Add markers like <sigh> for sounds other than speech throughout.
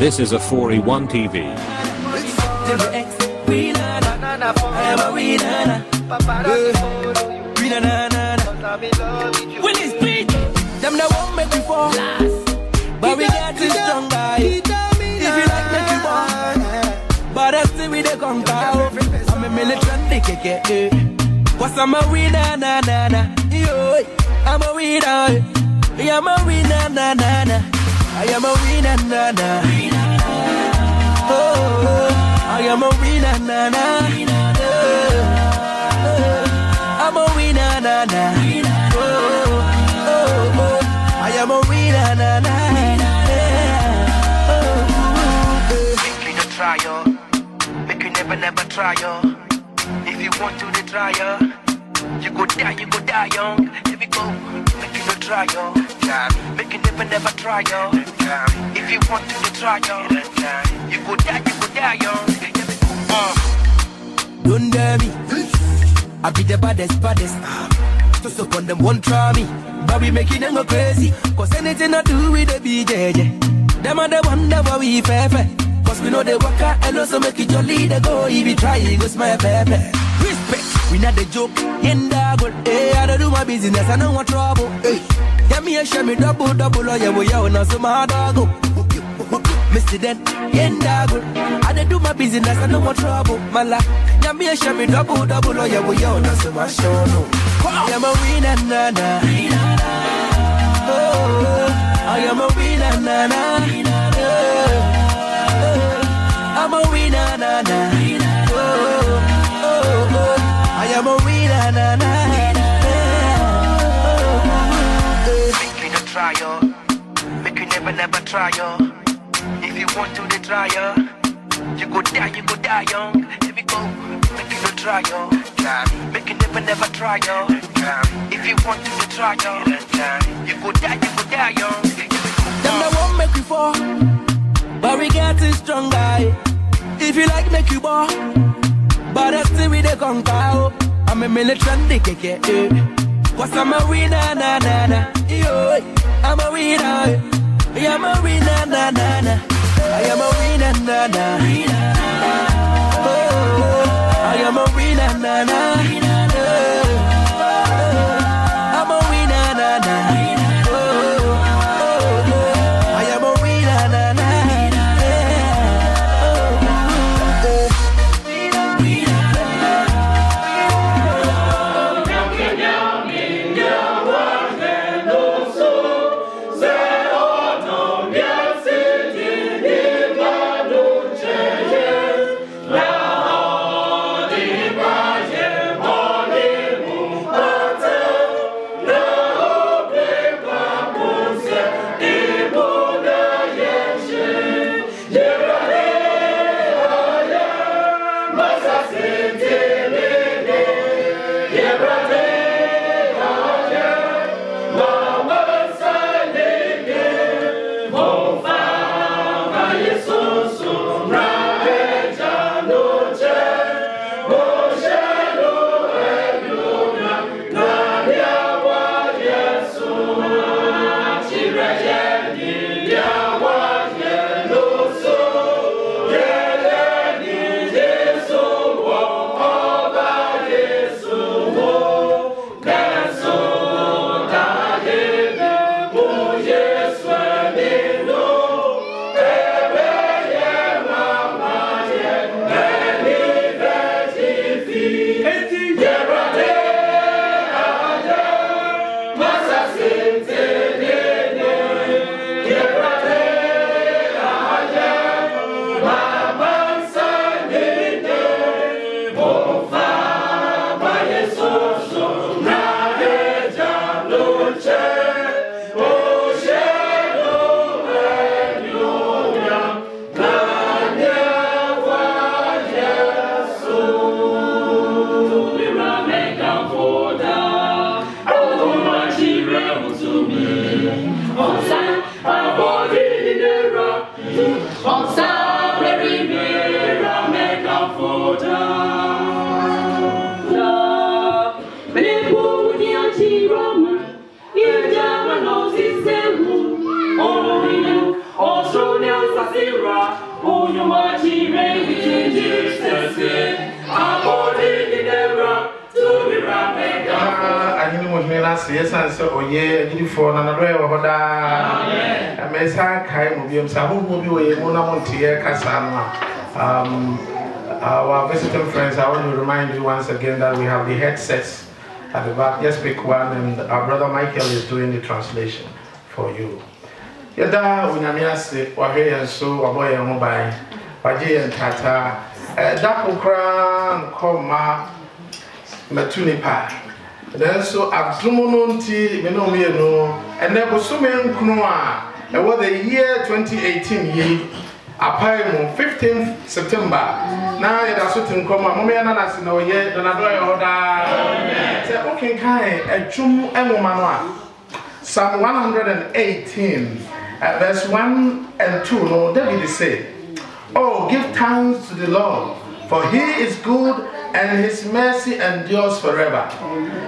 This is a 4E1 TV. them make But we If you like, make you want. But I see we conquer. I'm a eh. What's I'm a winner, na na na. Yo, I'm a winner. I'm a winner, na na na. I am a winner, na na. Oh, I am a winner, na na. Oh, I'm a winner, na na. Oh, oh, oh, oh. I am a winner, na na. Yeah. Oh, oh. Make you never, never try, yo. Oh. If you want to, the try, yo. Oh. You go die, you go die young. Here we go. Make you no try, yo time. Make it never, never try, yo. If you want to, you try, yo. You go die, you go die, yo. Uh. Don't dare me. I be the baddest, baddest. Ah. Just upon them, won't try me. But we making them go crazy. Cause anything I do, we the BJJ. Them are the one that we fair, fair. Cause we know they work out hello, so make it your leader go. If you try, you go smile, baby. Respect, we not the joke. And I go, hey, I don't do my business, I don't want trouble. Hey, get me a share me double, double, Oh yeah, we are not so my Go, Mr. Den, and I go, I don't do my business, I no want trouble. My life, get me a share me double, double, Oh yeah, we are know so much. show. No. I am a winner, na na. Oh, I am a winner, na na am a winner, na na. Oh, oh, oh, oh. I am a winner, na na. Make you no try, yo. Make you never, never try, yo. If you want to, then try, yo. You go die, you go die young. Here we go. Make you no try, yo. Make you never, never try, yo. If you want to, then try, yo. You go die, you go die young. Them that won't make we fall, but we getting stronger. If you like, make you ball. But I still with the conquer. Oh. I'm a militant dick, yeah. Cause I'm a winner, na na na. Yo, I'm a winner. Eh. I am a winner, na na na. I am a winner, na na. Oh, I am a winner, na na. is once again that we have the headsets at the back. Just pick one, and our brother Michael is doing the translation for you. Yada onyame ase wahwɛ aboye so wabɔ yɛn ho ban wagye yɛn tataa ɛdako eh, koraa nkɔ ma matu nipa nanso adom no the year 2018 yi apae on fifteenth september na yɛda so te nkɔm a momeɛ no nase na ɔyɛ nanado ayɛ order. daa sɛ wokenkae adwum nwoma no a psalm 118 uh, verse 1 and 2 no david say oh give thanks to the lord for he is good and his mercy endures forever.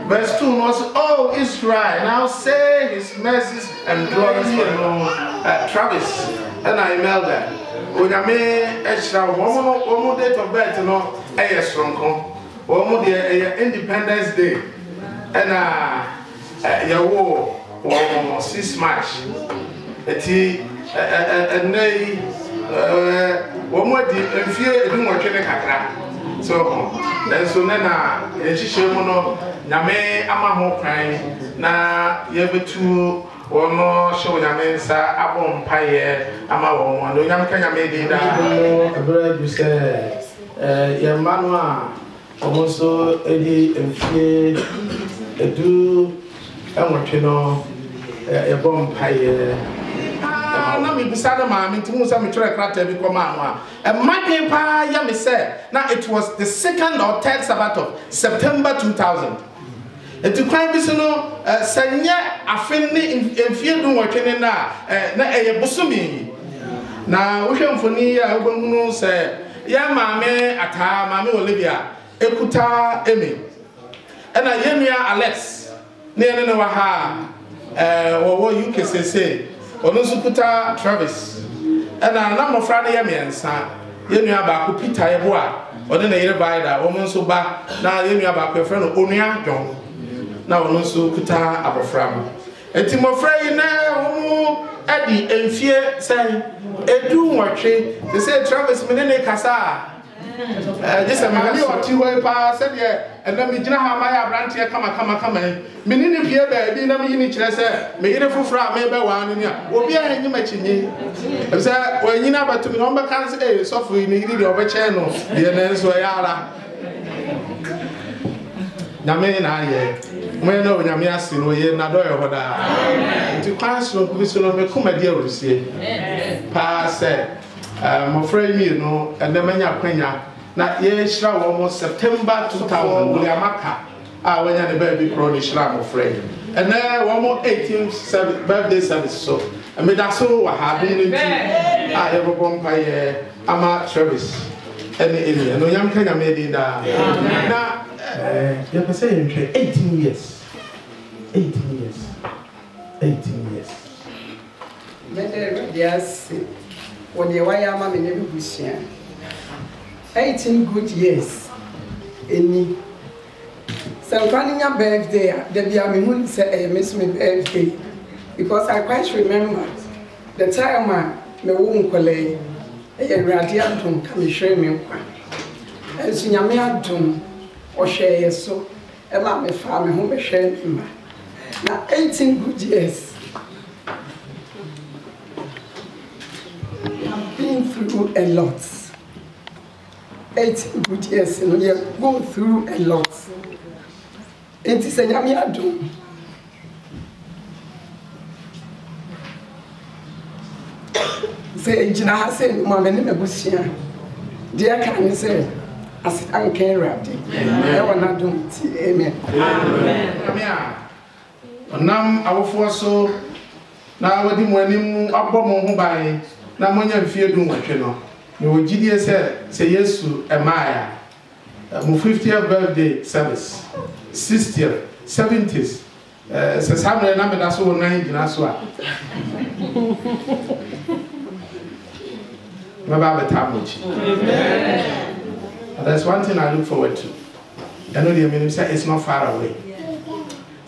Verse 2 was, Oh Israel, now say his mercies endures forever. Uh, Travis, ɛna imelda onyame ɛhyira wɔn wɔn date of birth no ɛyɛ soronko wɔn mo deɛ ɛyɛ independence day ɛna e, yɛwɔ wɔn six march eti ɛnɛ yi wɔn adi mfie eduwɔtwe ne kakra so na yɛhyehyɛ mu no nyame ama ho kwan na yɛbɛtu. wɔn hyɛ onyame nsa abɔ mpaeɛ ama wɔn na onyame ka nyame din daa. ɛberɛ du sɛ yɛn mma no a wɔn nso di mfie edu nwɔtwe no yɛbɔ mpaeɛ. na mebisa no maame nti mu sɛ metwerɛ krataa bi kɔmaa no a ɛma den paa yɛ me sɛ na it was the second or third sabbath of september 2000 nti kwan bi so no eh, sɛ afe ne mfie du nwɔtwe ne na eh, ɛyɛ bosome na wohwɛ mfoni a wobɛhunu sɛ yɛ maame ataa maame olivia ekuta emi ɛna yɛn nua alex ne yɛn ne wɔ ha a eh, wɔwɔ uk sese ɔno nso kuta travis ɛna na mmɔfra no yɛ mmiɛnsa yɛn nua baako peter yɛ a ɔne ne yere baida wɔn nso ba na yɛn nua baako yɛfrɛ no onua dɔn. na ɔno nso kuta abɔfra no nti mmɔfra yi na wɔn de mfie sɛn edu nwɔtwe te sɛ travis mi ne kasa a gye sɛ maame ɔte hɔ yi paa sɛdeɛ ɛnna mi gyina ha ama yɛ aberanteɛ kamakamakama yi mi ne pie baabi na mi yi ne kyerɛ sɛ mi yere foforɔ a mi bɛ waa no ni a obi a yɛn akyi nye sɛ wɔnyini abɛtum na wɔn bɛka sɛ ee sɔfo yi ne yiri deɛ ɔbɛkyɛn no deɛ ne nso ɛyɛ ara nyame na ayɛ. mwenye na onyame ase no ye na dɔyɛ hɔ daa nti kwan sononko bi so no mekoma de awurusie paa sɛ mmɔfra yi mmienu ɛnɛ manya eh, kwanya na yɛhyira wɔn mo september 2000 wuliamaka a wɔnya ne baabi korɔ ne hyira mmɔfra yi ɛnɛ wɔn mo 18 birthday service so mmeda eh, so wɔ ha adum no nti a yɛbɛbɔ mpa yɛ ama service eh, ɛne ɛni ɛnonyam e ka nyame din daa na yɛpɛ sɛ yɛnhwɛ 18 years 18 years. 18 years. Mede Awurade ase wɔ deɛ wayɛ ama me ne me good years Any. So nkwa no nya birthday a, be a mehu ne sɛ ɛyɛ me birthday because I quite remember the time a mewo nkɔla yi ɛyɛ Awurade adom ka mehwere me nkwa. Ɛnso me adom ɔhwɛeɛ so ɛma mefaa me ho bɛhwɛ me mma na 18 good years. I've been through a lot. 18 good years, you know, we have gone through a lot. Nti sɛ nyame adom sɛ ngyina ha sɛ nnuma me ne m'abusua deɛ ka ne sɛ aseda nka awurade ɛwɔ n'adom nti amen, amen. amen. amen. ɔnam awofoɔ so na wɔde mo anim abɔ mo ho ban na monya mfie du nwɔtwe no mewɔ gyidie sɛ sɛ yesu ɛmaeɛ a 50th eh, birthday service 60th 70th eh, sɛ saa na meda so wɔ nan gyina so a <laughs> mɛba abɛtaa mo one thing i look forward to I know the minister; it's not far away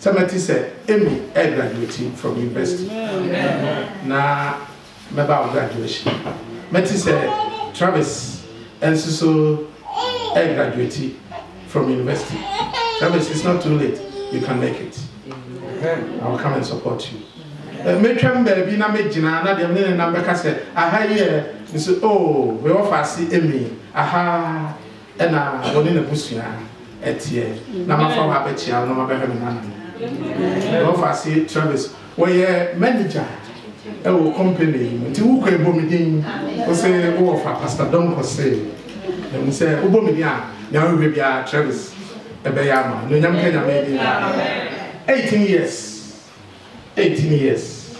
sɛmɛte sɛ emi graduate from university na mɛba awo graduation mɛte sɛ travis ɛnso so graduate from university travis it's not too late you can make it i will come and support you mɛtwam baabi na mɛgyina na deɛ ne nenam bɛka sɛ aha yɛ nso o oh, wɛwɔ faase emi aha ɛna wɔne n'abusua ɛteɛ na mafa wɔ abɛkyia no na mabɛhwɛ me nanom Ɔfase Travis wɔyɛ manager ɛwɔ company yi nti wokɔ ebɔ mi din ɔsɛ wɔwɔ fa pastor dɔm kɔsɛ ɛmu sɛ wobɔ mi din a nyame wura bi a Travis ɛbɛyɛ ama na onyam kɛ nyame bi na eighteen years eighteen years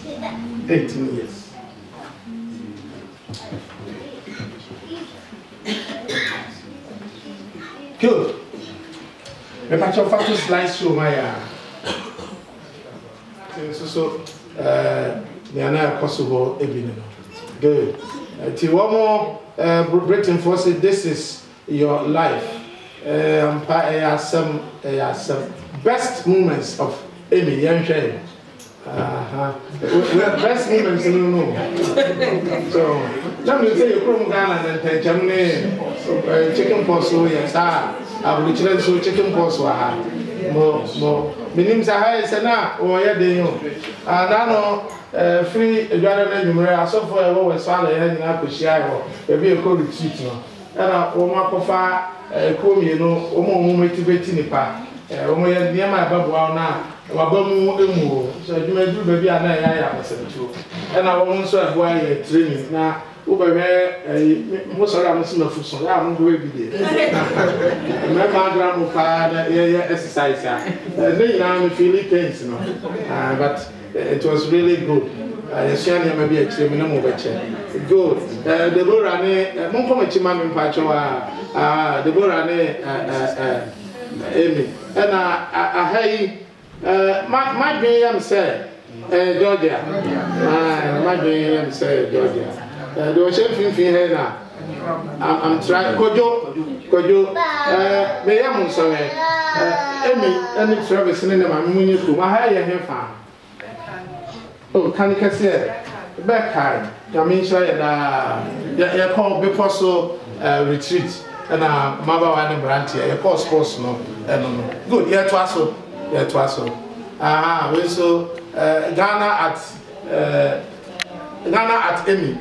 eighteen years. Good. Me pa chou fa tou slide show maya nso so eh, nea na ɛkɔ so hɔ bi ne no good eh, nti wɔn eh, britainfoɔ sɛ this is your life mpa ɛyɛ asɛm ɛyɛ asɛm best moments of emi yɛnhwɛ yɛn. Uh-huh. best moments no no so na mi sɛ yɛkurom ghana na ntɛnkyɛm ne chicken pox yɛ saa aburukyerɛ nso chicken pox wɔ ha mo mo menim sɛ ha yɛ sɛ na wɔyɛ den o ah, na eh, no firi adware no anwummerɛ asɔfo a ɛwɔ wɔ so ala yɛ nyinaa kɔhyia hɔ ebi ekɔ retreat no ɛna wɔn akɔfa eh, kuo mmienu wɔn a wɔn eti bɛti nipa eh, wɔn yɛ nneɛma a ɛbɛboa wɔn a waba mu emu o sɛ adwuma duru baabi a na ɛyɛ ayɛ abasɛntuo ɛna wɔn nso ɛboa yɛ training na Eh, wobɛhwɛ mo sɔre a mosomafo so yɛ a mohɔ bi deɛ mɛma adra mo paa na yɛyɛ exercise a ah. eh, ne nyinaa me fili tens no ah, but eh, it was really good yɛsua nneɛma bi akyirɛ mu ne mo bɛkyɛ good debora ne monkɔm akyi ma me mpakyɛw a debora ne amy ɛna aha yi madwen yam sɛ georgia ah, madwen yam sɛ georgia deɛ ɔhyɛ mfimfini hɛ na I'm trying kojo kojo ɛɛ eh, ya mu nsɔmɛ ɛɛ eh, emi ɛne travis ne ne maame mu nye kurom aha yɛ hɛ faa o kane kɛseɛ bɛkae nyame nhyira yɛ daa yɛ yɛkɔɔ bepɔ so ɛɛ retreat ɛna mmabaawa ne mmeranteɛ yɛkɔɔ sports no ɛno no good to yɛtoa so to so aha wei so ɛɛ ghana at ɛɛ eh, ghana at emi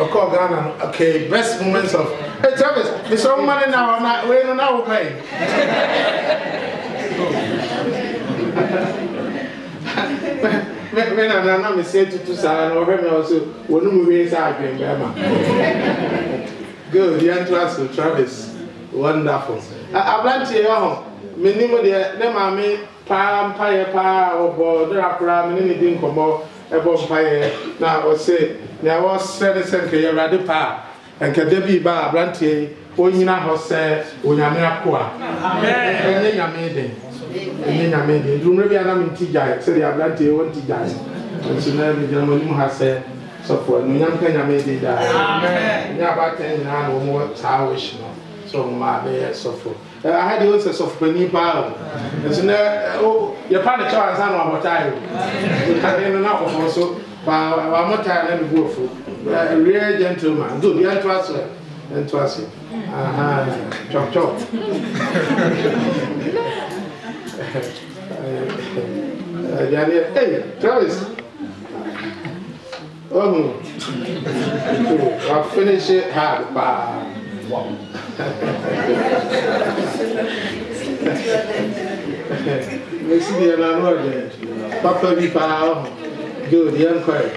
ọkọ ghana okay best moments of hey travis it's all money now. na wee no na ọ kọ yi mẹ I'm nana mi to tutu saa na ọhwẹ mi ọsọ wọn mu wie sá adwene bẹẹ ma good yẹn to travis wonderful aberanteɛ yɛ hɔ menim deɛ ne maame paa mpa yɛ paa ɔbɔ dora koraa mene ne di nkɔmmɔ ɛbɔ mpaeɛ na ɔse nea wɔsrɛ ne sɛ nkɛyɛ awurade paa nkɛda bi ba aberanteɛ yi ɔnyina hɔ sɛ onyame akoa ɛnyɛ nyame den ɛnyɛ nyame den durumere bi anam nti gyae sɛdeɛ aberanteɛ wɔnti gyae nso na megyina m'anim ha sɛ sɔfoɔ no nyamka nyame den daa nyɛ abatɛn nyinaa na wɔn saa wɔhyi no sɔfo maame yɛ sɔfo aha deɛ ɔsɛ sɔfo panyin paa o nso na o yɛpa ne kyɛw ansa na wabɔ taa yi o kane na kɔkɔɔ so wa wamɔ taa na ne bu ofu real gentleman do bi ɛnto aso ɛnto aso aha chop chop <laughs> uh, Hey, Travis. travis ɔhu wa finish hard Bye wow. Mesi deɛ na no ɔdɛ papa bi paa ɔho good yɛnkɔe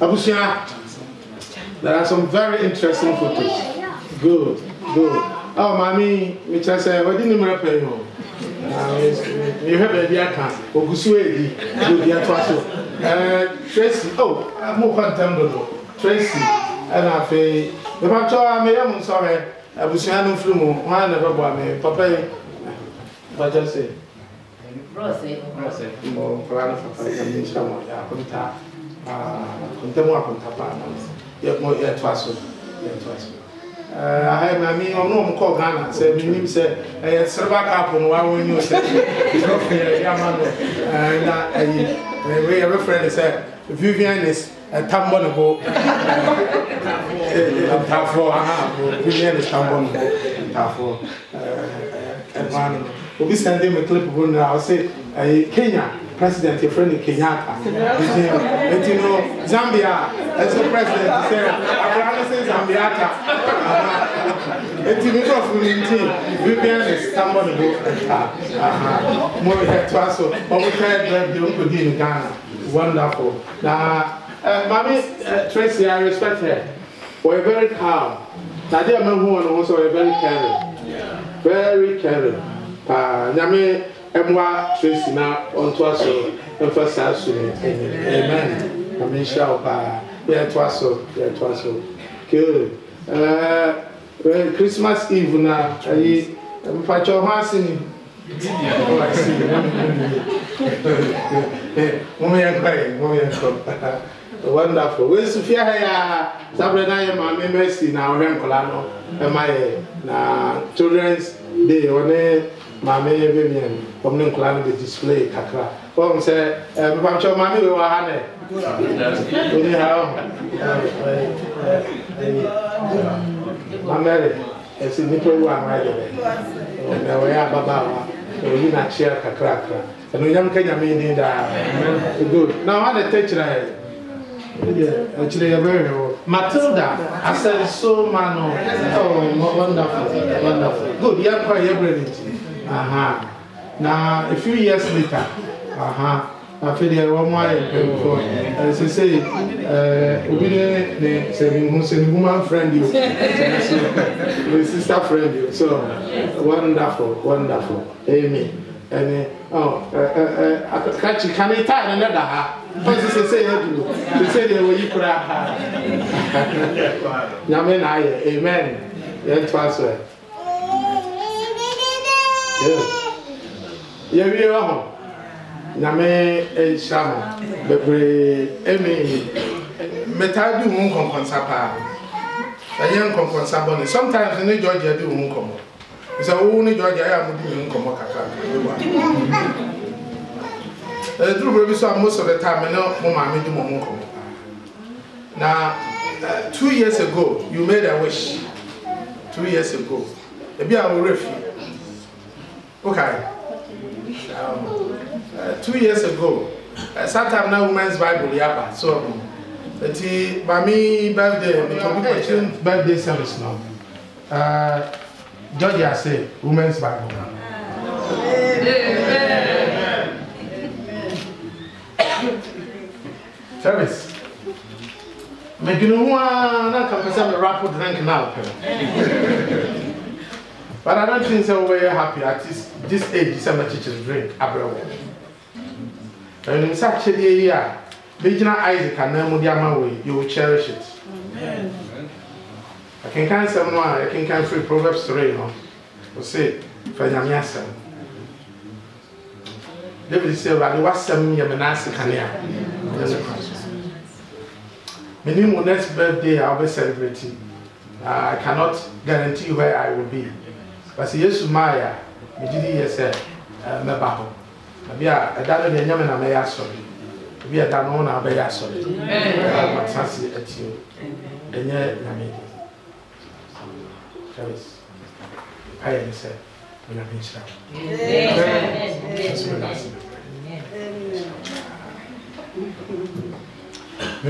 abusua there are some very interesting photos good good ɔ maame mekyerɛ sɛ wɔde ne mmerɛ pɛi hɔ mehwɛ baabi aka ɔgu so ɛdi good yɛtoa so tracy oh mokɔ ntam dodo tracy ɛna afei mepatɔ a meyɛ mo nsɔhwɛ abusua no mfiri mu hwan na ɛbɛboa me papa yi mpatɔ sɛ nkɔla no fafayɛmnhyira mɔ yɛ akonta ah, akonta mu akonta paa yɛtoa so yɛtoa so eh, ahai maame ɔno ɔmo kɔ ghana sɛ menim sɛ ɛyɛ sereba kaapo no waa wɔnyi o sɛ yɛama no eh, na ɛyi yɛbɛfrɛ no sɛ vivianis ɛtambɔ ne bo ntaafoɔ aha obi ne yɛde tambɔ ne bo We ɛmaa ne bo obi clip of nira ɔsɛ say, kenya president yɛfrɛ no kenyatta nti no zambia ɛsɛ president sɛ akora no sɛ zambia ta nti mi nkurɔfo no nti vivian is tambɔ ne bo mo yɛ toa so ɔmo tɛ dɛm de ɔmo kɔ di ne ghana wonderful Now. Uh, Mami uh, Tracy, I respect her. We're very calm. Nadia Mahuan also we're very caring. Very caring. Uh, Nyame Emwa Tracy na onto us and first us. Amen. Amen. Shall pa. Yeah, to us. Yeah, to us. Good. Uh, well, uh, Christmas Eve na. Ayi. Mpacho Hasini. Oh, I see. <laughs> Mumu yankwa. Mumu yankwa wonderful wesu fie ha ya sabre na ye maame mercy na ohwe nkola no e ma ye na children's day one eh, maame ye be bien kom ne nkola no be display kakra kom se e me maame we wa ha ne ni ha o maame esi nipa wu ama ye be na we ya baba wa oyi na chia kakra kakra ɛnu nyam ka nyame ni daa good na wa de tɛ kyerɛ Yeah, actually, very Matilda, I said so, man. Oh, oh wonderful, wonderful. Good, you are quite brilliant. Uh huh. Now, a few years later, aha. Afei deɛ wɔn ayɛ mpanyinfoɔ ɛsɛ sɛ ɛɛ obi "Uh, we sɛnihun sɛnihuman friend yi o sɛnihun sister friend yi so wonderful wonderful amen. ɛnɛ ɔ ɛ ɛ akatsi kane taayɛ ne da ha ɔsi sese yɛ duro sese yɛ wɔyi kura ha <laughs> nyame na ayɛ amen yɛn to aso yɛ yɛwie wɔ hɔ nyame nhyira e mo bebree ɛmi metaa di wɔn nkɔnkɔnsa paa ɛyɛ nkɔnkɔnsa bɔ ne sometimes ne george yɛ di wɔn nkɔmɔ sɛ wo ne george ayɛ a mode nyini nkɔmmɔ kakra ɛduru bi so a most of the time ne mo maame di mɔ mo nkɔmmɔ na two years ago you made a wish two years ago ebi a wɔwerɛ fi Okay. um, uh, two years ago uh, sometime na women's bible yɛaba so um, nti maame birthday metɔbi kɔkyɛ birthday service no uh, George has said, Women's Bible. Amen. Service. medwene ho a na nka pɛ sɛ merapo drink now, but i don't think so. We're happy at this, this age sɛ teachers drink abrɛ wo ɛnim sɛ akyɛdeɛ yi a bɛgyina isaac anan mu de ama wei you will cherish it Amen. akenkan nsɛm no can't firi proverbs 3 no ɔse fa nyame asɛm david sɛ awurade w'asɛm yɛ me naase kanea menim wo next birthday a wobɛcelebrate uh, i cannot guarantee where i will be but sɛ yesu maayɛ a megye di yɛ sɛ uh, mɛba I ebi a ɛda no deɛ nyɛ me na mɛyɛ asɔre ebi a ɛda no ho na wobɛyɛ asɔre matena se atio ɛnyɛ nyame Charles ayɛ ne sɛ onyame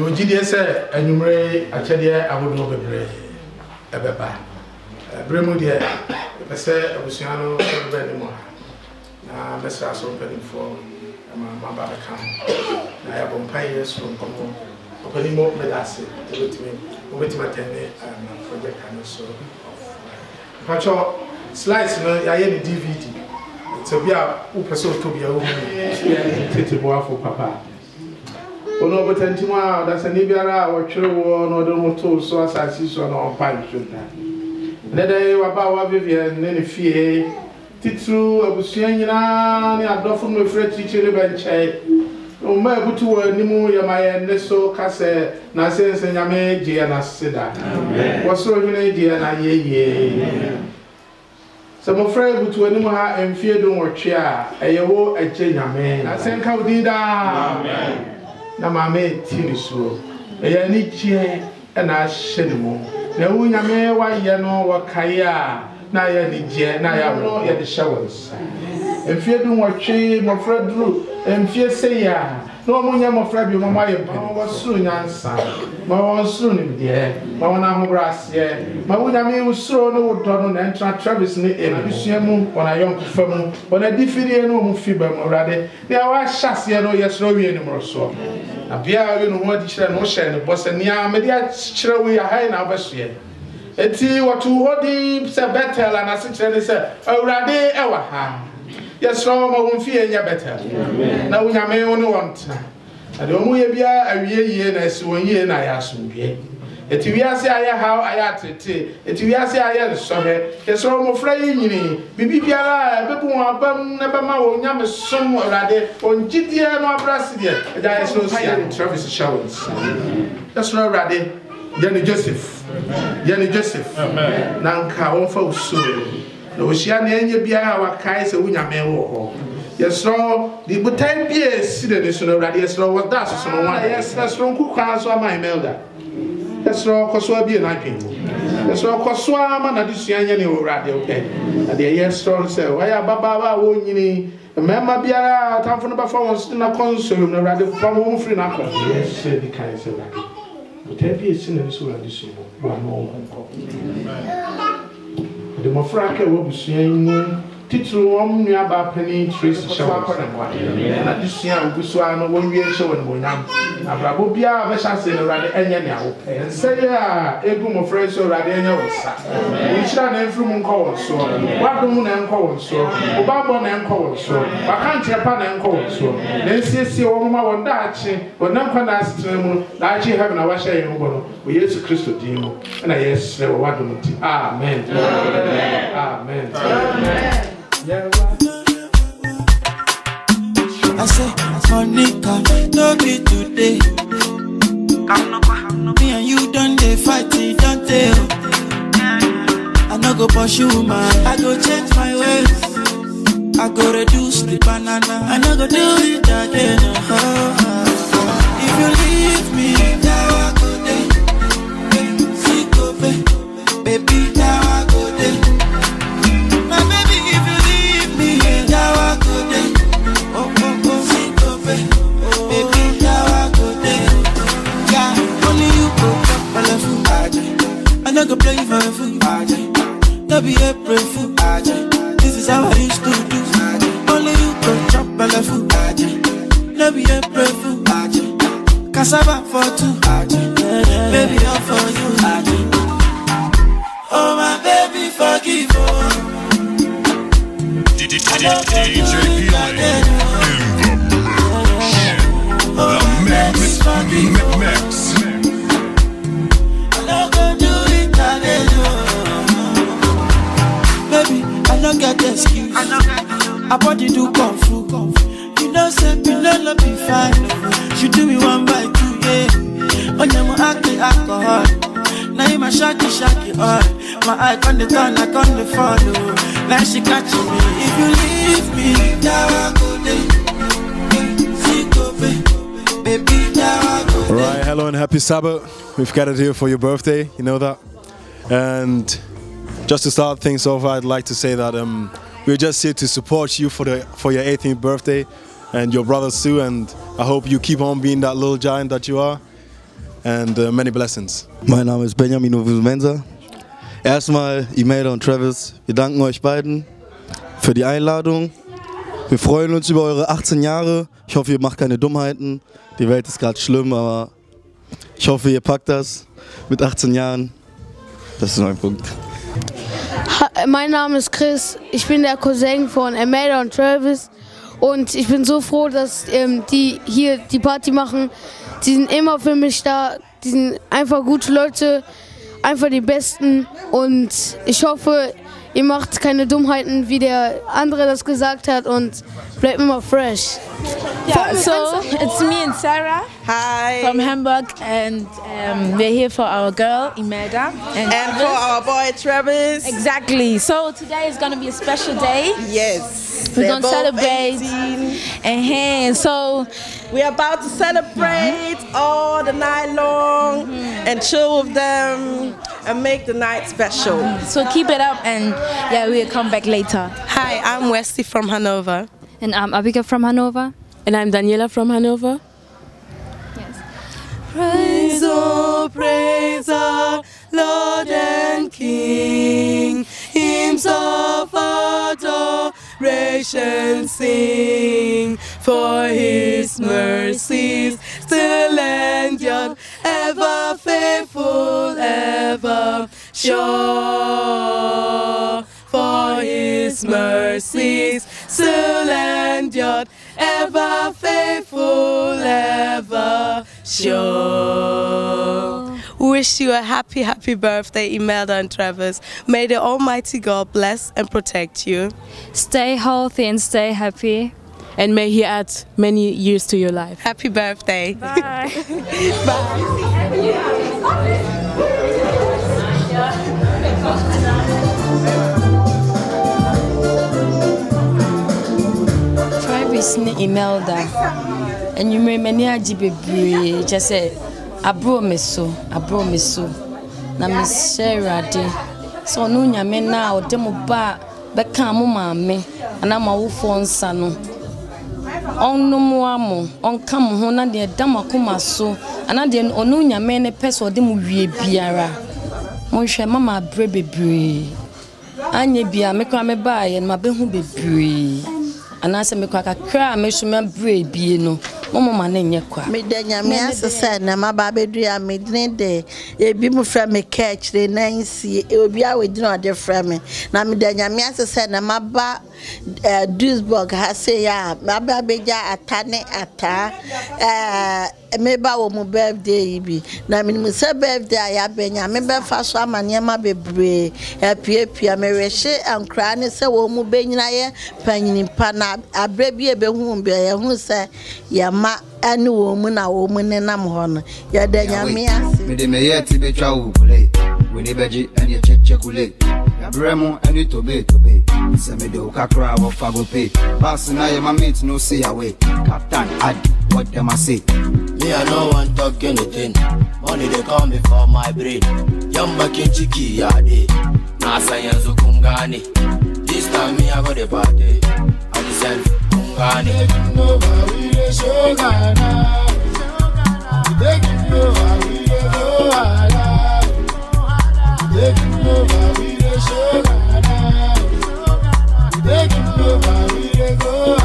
nhyira a gyidie sɛ anwummerɛ akyɛdeɛ ahodoɔ bebree ɛbɛba berɛ mu deɛ mepɛ sɛ abusua no bɛbɛ ne mu a na mɛsrɛ so mpanimfoɔ ma maba bɛka ho na yɛabɔ mpayɛ soro nkɔmmɔ ɔpanim mɛda ase wobɛtumi a project ano so mpatsɔ slides no yɛayɛ ne dvd nti obi a wopɛ sɛ ɔtɔ bia wo mu tete boafo papa ɔno ɔbotantim a ɔdasani biara a wɔtwere woɔ na ɔde ho too so asase so na ɔmpa nso da ɛnɛ waba wabaawa vivian ne ne fie titiriw abusua nyinaa ne adɔfo no mɛfiri akyirikyiri ne bɛnkyɛe mma ebutu wɔ anim yɛ ma yɛn ne so ka sɛ n'asɛnsɛ nyame gye yɛ n'asese da wɔsoro hwene gye yɛ n'ayɛ yie sɛ mmɔfra ebutu anim ha mfie do nwɔtwe a ɛyɛ wɔ agye nyame n'asɛn ka odi daa na maame ti ne so e ɛyɛ anigyeɛ ɛna ahyɛ ne mu na ewu nyame wayɛ no wɔkae a. na yɛ ne gyeɛ na yɛ awo yɛde hyɛ wɔn nsa mfie du nwɔtwe mmɔfra duro mfie seyi na wɔn nyɛ mmɔfra bi wɔn ayɛ mpanyinfo wɔn soro nyansa ma wɔn soro nimdeɛ ma wɔn ahorow aseɛ ma wɔn nyame soro ne wo no na ntena travis ne ebusua mu wɔn ayɔnkofa mu wɔn adi fidie ne wɔn fi bɛn mu awurade ne a wɔahyɛ aseɛ no yɛsoro wie ne mmorosoɔ na bea a ne ho adi kyerɛ no wɔhyɛ ne bɔ sɛ nea mede akyerɛ wo yi aha yi na abɛsoɛ eti wɔtu hɔ din sɛ bɛtɛl anase kyerɛ ne sɛ awurade ɛwɔ ha yɛsrɛ wɔ ma wɔn fie nyɛ bɛtɛl na wonyame wo ne wɔn tena na deɛ yɛ biara awie yie na ɛsi wɔn yie na ayɛ asomdue eti wiase ayɛ haw ayɛ atete eti wiase ayɛ nsɔhɛ yɛsrɛ wɔn mɔfra yi nyini biribi biara a ɛbɛbu wɔn abam na bɛma wɔn nyame som awurade wɔn gyidie na wɔabra si deɛ ɛgya yɛsrɛ osi a traffic hyɛ wɔn yɛsrɛ awurade yɛne joseph yɛne joseph na nka wɔmfa No, she na wɔhyia ne ɛnyɛ biara a wakae sɛ wo nyame wɔ hɔ yɛsrɛ de botan bi a ɛsi da ne so no awurade yɛsrɛ wɔ da soso no ho a ah, yɛsrɛ soro nkokwa so ama emelda yɛsrɛ kɔ so abie no adwen mu yɛsrɛ kɔ so ara ma nade sua nyɛ ne wɔ awurade wopɛ na deɛ yɛsrɛ sɛ wɔyɛ biara atamfo no bɛfa wɔn so na kɔnsɔm no awurade fa wɔn firi no akɔ yɛsrɛ bi kae sɛ awurade taa bi esi na nso ade so wɔ ano wɔn ho kɔ. wɔ abusua yi mu. titiri wɔn nua baapɛni tracy hyɛ wɔn nsɛm na adesua a ogu so a no wɔn wɔn nyam abrabɔ biara a bɛhyɛ ase no awurade ɛnyɛ nea wopɛ nsɛyɛ a egu mmɔfra awurade ɛnyɛ na efiri mu nkɔ wɔn na nkɔ wɔn na nkɔ wɔn so wakankyerɛ pa na nkɔ wɔn na nsiesie wɔn ma wɔn daakye wɔn na asetena mu daakye hɛm na wahyɛ yɛn bɔ no wɔ yesu kristo din mu ɛna wɔ wadum ti amen amen I say, honey, Don't be today. Me and you done they fighting, don't they? I no go pursue my, I go change my ways. I go reduce the banana, I no go do it again. Oh, oh, If you leave me, now I go there. Baby, go play for food. Don't be a pray food. This is how I used to do. Only you can chop my life. food. Don't be a pray food. Cassava for two. Baby, all for you. Oh, my baby, forgive me. DJ P.I. in the mix. The mix. get excuse. Her body do kung fu. You know, say below no be fine. She do me one by two, yeah. On your acne alcohol. Now you my shaky shaky heart. My eye on the turn, I on the follow. Now she catch me. If you leave me, now I go there. All right, hello and happy Sabbath. We've got it here for your birthday, you know that. And just to start things off, I'd like to say that um, we're just here to support you for, the, for your 18th birthday and your brother Sue, and I hope you keep on being that little giant that you are. And uh, many blessings. Mein Name ist Benjamin Mensa. Erstmal Imelda und Travis, wir danken euch beiden für die Einladung. Wir freuen uns über eure 18 Jahre. Ich hoffe, ihr macht keine Dummheiten. Die Welt ist gerade schlimm, aber ich hoffe, ihr packt das mit 18 Jahren. Das ist mein Punkt. Mein Name ist Chris, ich bin der Cousin von Amanda und Travis und ich bin so froh, dass ähm, die hier die Party machen. Die sind immer für mich da, die sind einfach gute Leute, einfach die Besten und ich hoffe, ihr macht keine Dummheiten, wie der andere das gesagt hat und Black Mama Fresh. Yeah, so it's me and Sarah. Hi. From Hamburg, and um, we're here for our girl Imelda and, and for our boy Travis. Exactly. So today is gonna be a special day. Yes. We're gonna celebrate. 18. And uh-huh. so we're about to celebrate all the night long mm -hmm. and chill with them and make the night special. So keep it up, and yeah, we'll come back later. Hi, I'm Westy from Hanover. And I'm Abigail from Hanover. And I'm Daniela from Hanover. Yes. Praise, oh, praise our Lord and King, hymns of adoration sing, for his mercies still endure, ever faithful, ever sure. For his mercies still endured, ever faithful, ever sure. Wish you a happy, happy birthday, Imelda and Travis. May the Almighty God bless and protect you. Stay healthy and stay happy. And may He add many years to your life. Happy birthday. Bye. <laughs> Bye. Doris ne da enyimire m'ani agye bebree kyɛ sɛ aburo me so me so na mehyɛ awurade sɛ ɔno onyame no a ɔde mo ba a bɛka mo maame anaa mo awofoɔ nsa no ɔnnomoa mo ɔnka mo na deɛ ɛda akoma deɛ pɛ wie bebree anaasɛ mekɔ kakra a mesoma bere bie no mɔmɔ ma ne nyɛ kwa. meda nyame ase sɛ nnɛma ba abɛdua medene de ebi mu frɛ me kaa akyire na nsie obi a wɔgyina ɔde frɛ me na meda nyame ase sɛ nnɛma ba uh, duisburg ha se ya abia bɛgya ata ne ataa uh, wɔ mu birthday yi bi na menim sɛ birthday a yɛabɛnya mebɛfa so ama nneɛma bebree apiapia merehye nkoraa ne sɛ wɔn mu bɛnyina yɛ panyinimpa na aberɛ bi a bɛhu bi a yɛhu sɛ yɛma ne wɔn mu na wɔn mu nenam hɔ no yɛda nyame ase w'anibeji ɛne ɛkyɛkyɛkule yɛaberɛ mu ɛne tobetobe sɛ tobe wo kakra a wɔfa go pe bas na yɛ ma mate no se awe captain adi what dem I say me i no wan talk anything money dey me for my brain yamba kinchiki yade na san yanzu kun gane this time me i go dey party i dey sell kun gane. taking over we dey show ghana taking over Take him over, we go.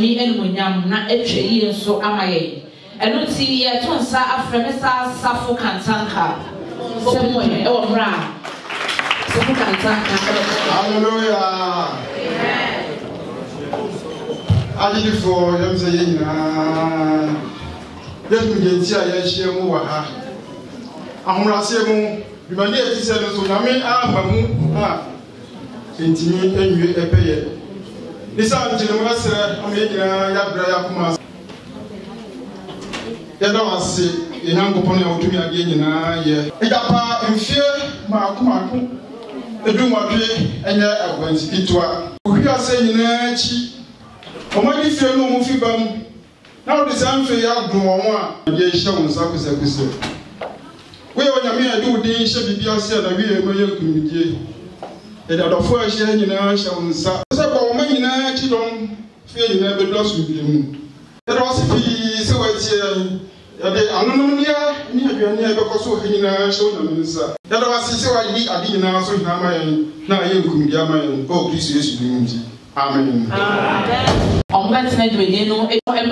nyame animonyam na atwa yie nso ama yɛn ɛno nti yɛto nsa afrɛ me saa safo kantanka sɛ mo mmerɛ a safo kantanka hallelujah agyedifoɔ yɛm sɛ yɛn nyinaa yɛtum deɛ a yɛahyia mu wɔ ha ahomaseɛ mu dwumadi ɛti sɛ no so nyame aba mu a ɛntumi anwie ɛpɛ bisa nkyene mu bɛsrɛ ama yɛ nyinaa yɛabrɛ yɛ akoma ase yɛda w ase yɛ nyankopɔn a wotumi adeɛ nyinaa yɛ ɛgyapa mfie maako maako ɛdumɔdwe ɛnyɛ ɛkwansikitoa ohwiase nyinaa akyi ɔmɔde fie no ɔmofi ba mu na wode saa mfei ado wɔ mo a deɛ hyɛ wo nsa kosakosɛ woyɛ onyame a ɛde wo din hyɛ biribi ase a na wiɛ mu yɛ nkonimdie yɛde adɔfoɔ ahyia nyinaa hyɛ wo nsa fie na bɛdɔso bibiri mu yɛde ɔse pii sɛ wɔatie yɛde anonomdeɛ ne aduane a ɛbɛkɔ so ɔha nyinaa hyɛ wo nyame nsa sɛ wɔadi ade na ayɛ nkumdi ama yɛn ɔ kristo yesu din mu nti amen ɔmobɛtena dwumadie no mmerɛ no ya ɛno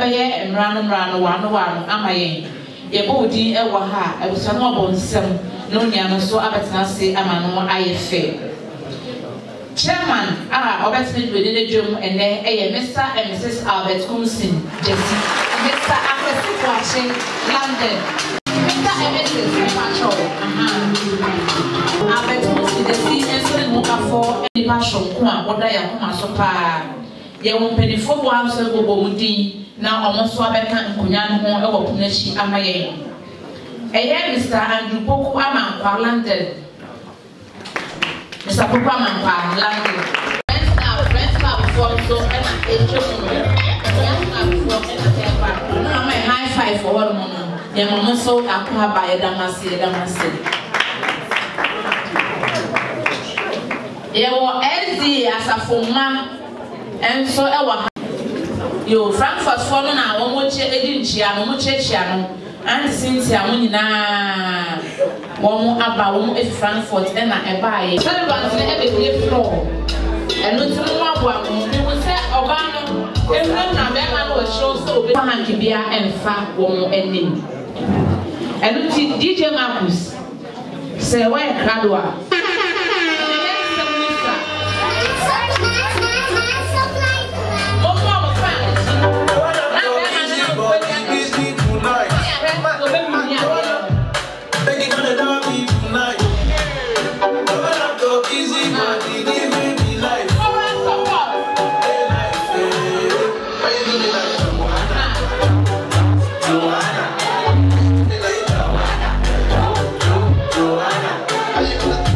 bɛyɛ no no wano wano ama yɛn yɛbɔ ha abusua no nsɛm na onua no nso abɛtena ase ama no ayɛ fɛ chairman a ɔbɛtene dwene ne dwom ɛnɛ ɛyɛ mr and mrs albert kumsin jesse mr akwesi kwakye london mr and mrs mpatrɔ albert kumsin jesse nso ne mmokafo nipa sonko a wɔda yɛn ahoma so paa yɛn wɔn mpanimfoɔ bɔ ahosuo bobɔ wɔn din na wɔn nso abɛka nkonnwa no ho wɔ pono akyi ama yɛn ɛyɛ mr andrew poku amankwa london. Mr. Papa Mampa, Lango. Friends Club, Friends Club form so ɛna ɛtwa mu no. Friends Club form ɛna ɛba. Ɔno na ɔmo yɛ high five wɔ hɔnom no. Yɛn mo nso akɔ aba yɛda mo ase yɛda mo ase. Yɛwɔ ND Asafomma nso ɛwɔ ha. Yo Frankfurt foɔ no na wɔn mo kyɛ edi nkyia no, wɔn mo kyɛ kyia no. anti cynthia mo nyinaa wɔn aba wɔn efi frankfurt ɛna ɛbaa yɛ relevant no ɛbɛbie floor ɛno ti mo aboa mo mo sɛ ɔbaa no ehuru na bɛrima no na sɛ obi hank bia ɛnfa na anim ɛno ti dj marcus 哎呀！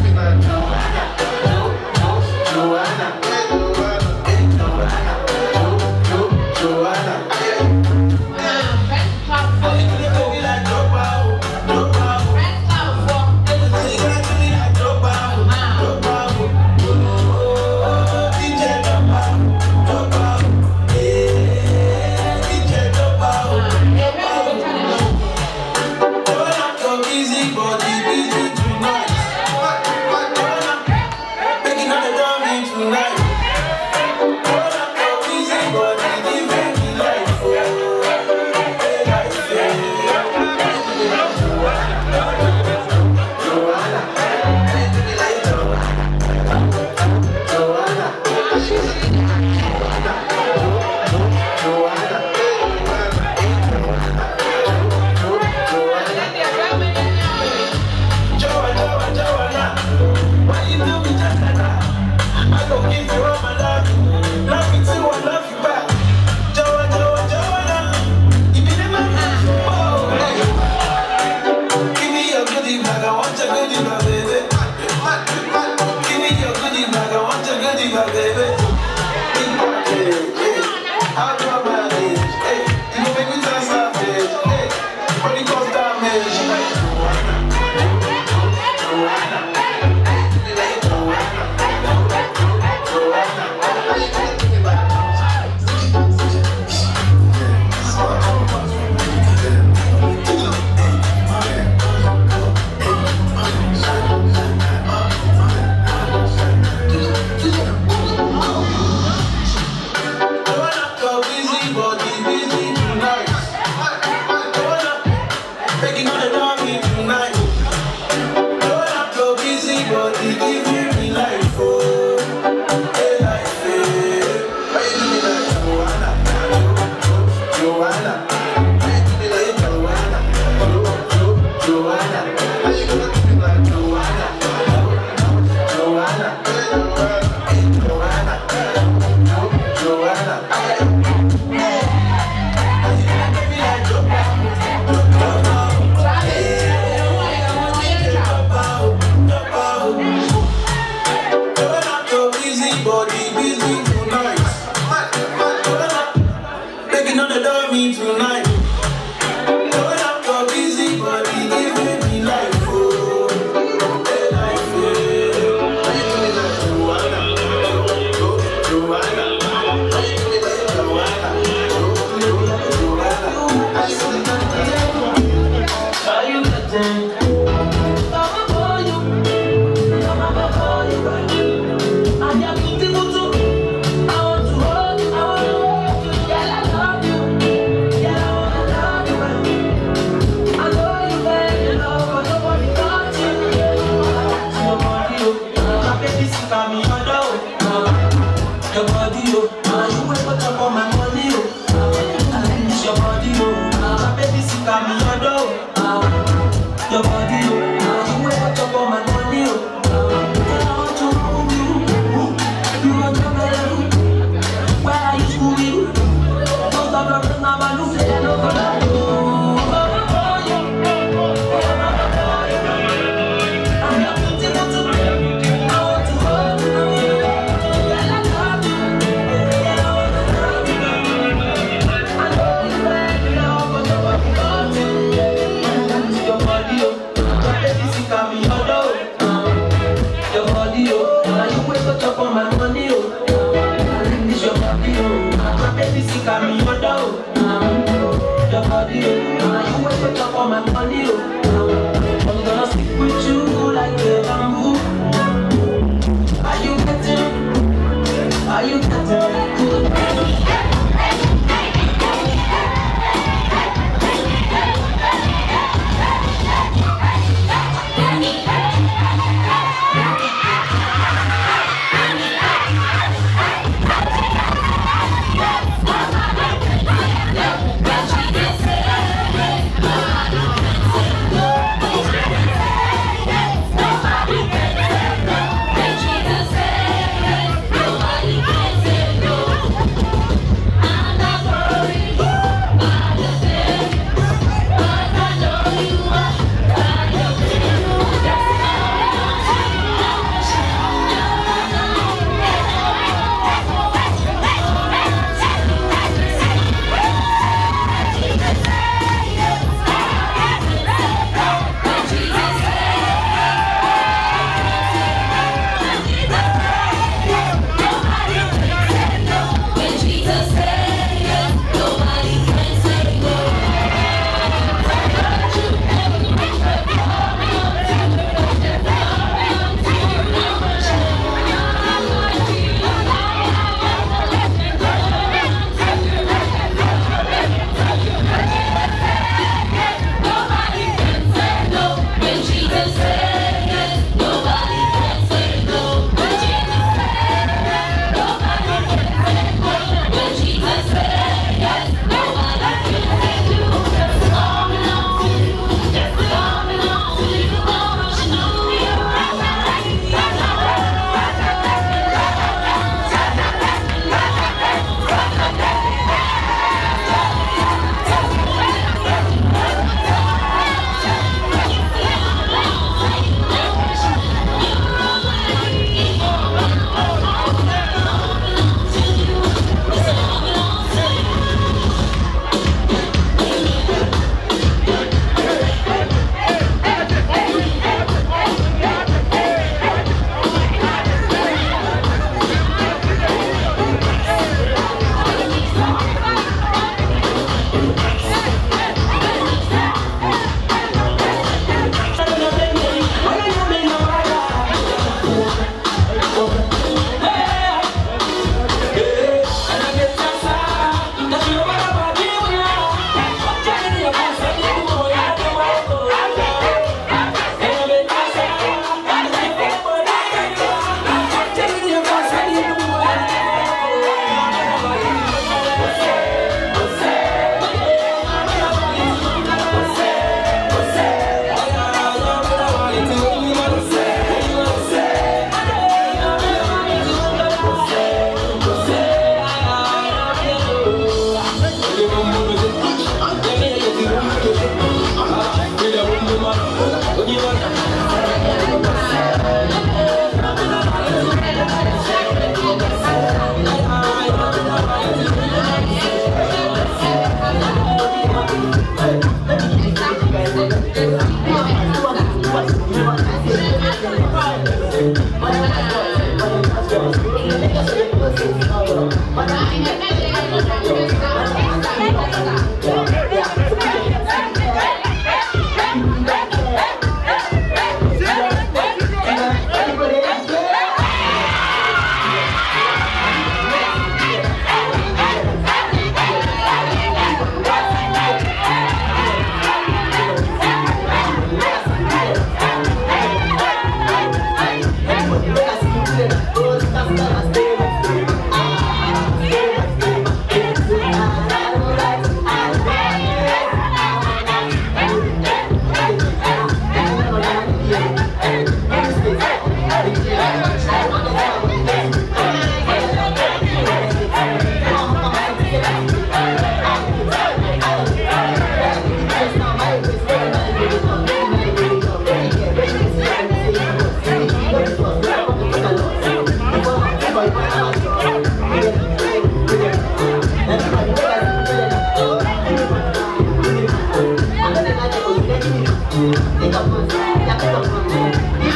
Để cộng hưởng, để cộng hưởng Để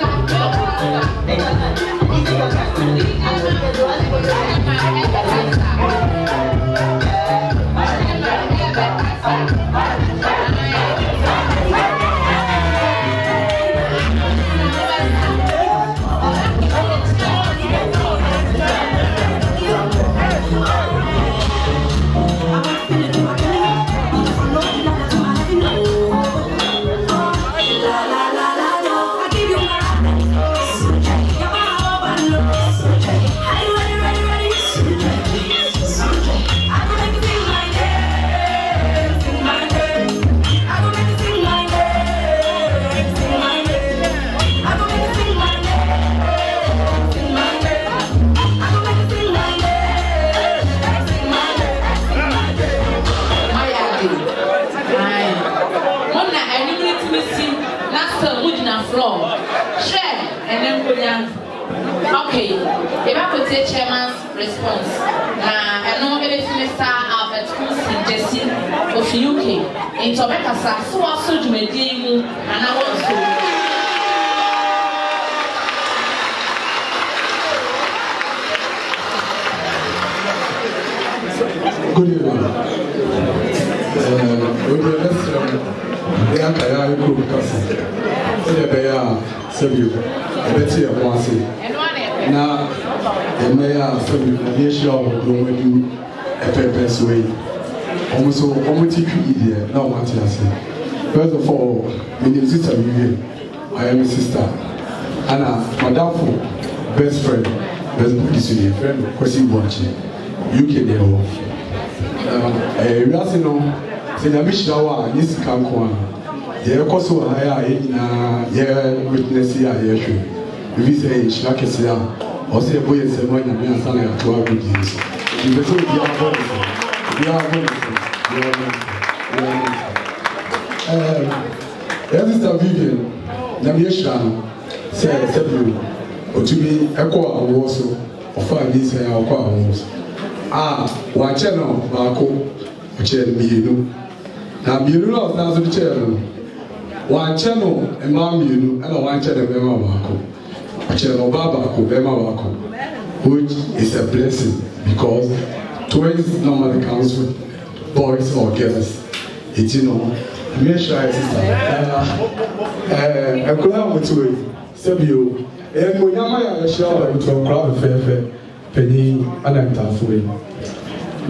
cộng hưởng, để cộng hưởng nti ɔbɛkasa so wɔso dwumadie yi mu ana wɔnso Good evening. Uh, we will let's um, we are kaya group because the Na na yeshia ogun wedu epepe wɔn nso wɔn ti twi yi deɛ na wɔn ate ase first of all menim sista mi yie ɔyɛ mi sista ana uh, madamfo best friend best buddy so yɛ friend kwesi buakye uk deɛ wɔ ɛɛ wiase no sɛ nyame hyira wɔ a nye sika nko a yɛrekɔ so wɔ ha yɛ a yɛn nyinaa yɛ witness a yɛrehwɛ ebi sɛ yɛ hyira kɛse a ɔsɛ ɛbɔ yɛ nsɛm a nyame ansa na yɛato agodi nso ìgbésẹ̀ òbí àwọn bọ́ọ̀lù sọ òbí àwọn bọ́ọ̀lù yɛn sista vivian nyame ahyira no sɛ sɛbio ɔtumi ɛkɔ awoɔ so ɔfaa bi sɛ ɔkɔ awoɔ so a wakyɛ no baako ɔkyɛ no mmienu na mmienu no a ɔsan so de kyɛɛ no wakyɛ no mmaa mmienu ɛna wakyɛ no bɛrima baako ɔkyɛ no ɔbaa baako bɛrima baako which is a blessing because twins normally comes through boys or girls eti you. mmea hyira yɛ sista ɛɛ ɛkura amutu yi sɛbi o ɛyɛ eh, mmonyama yɛ ɛhyira wɔ ɛmutu ɔkura fɛfɛɛfɛ panyin ɛna ntaafo yi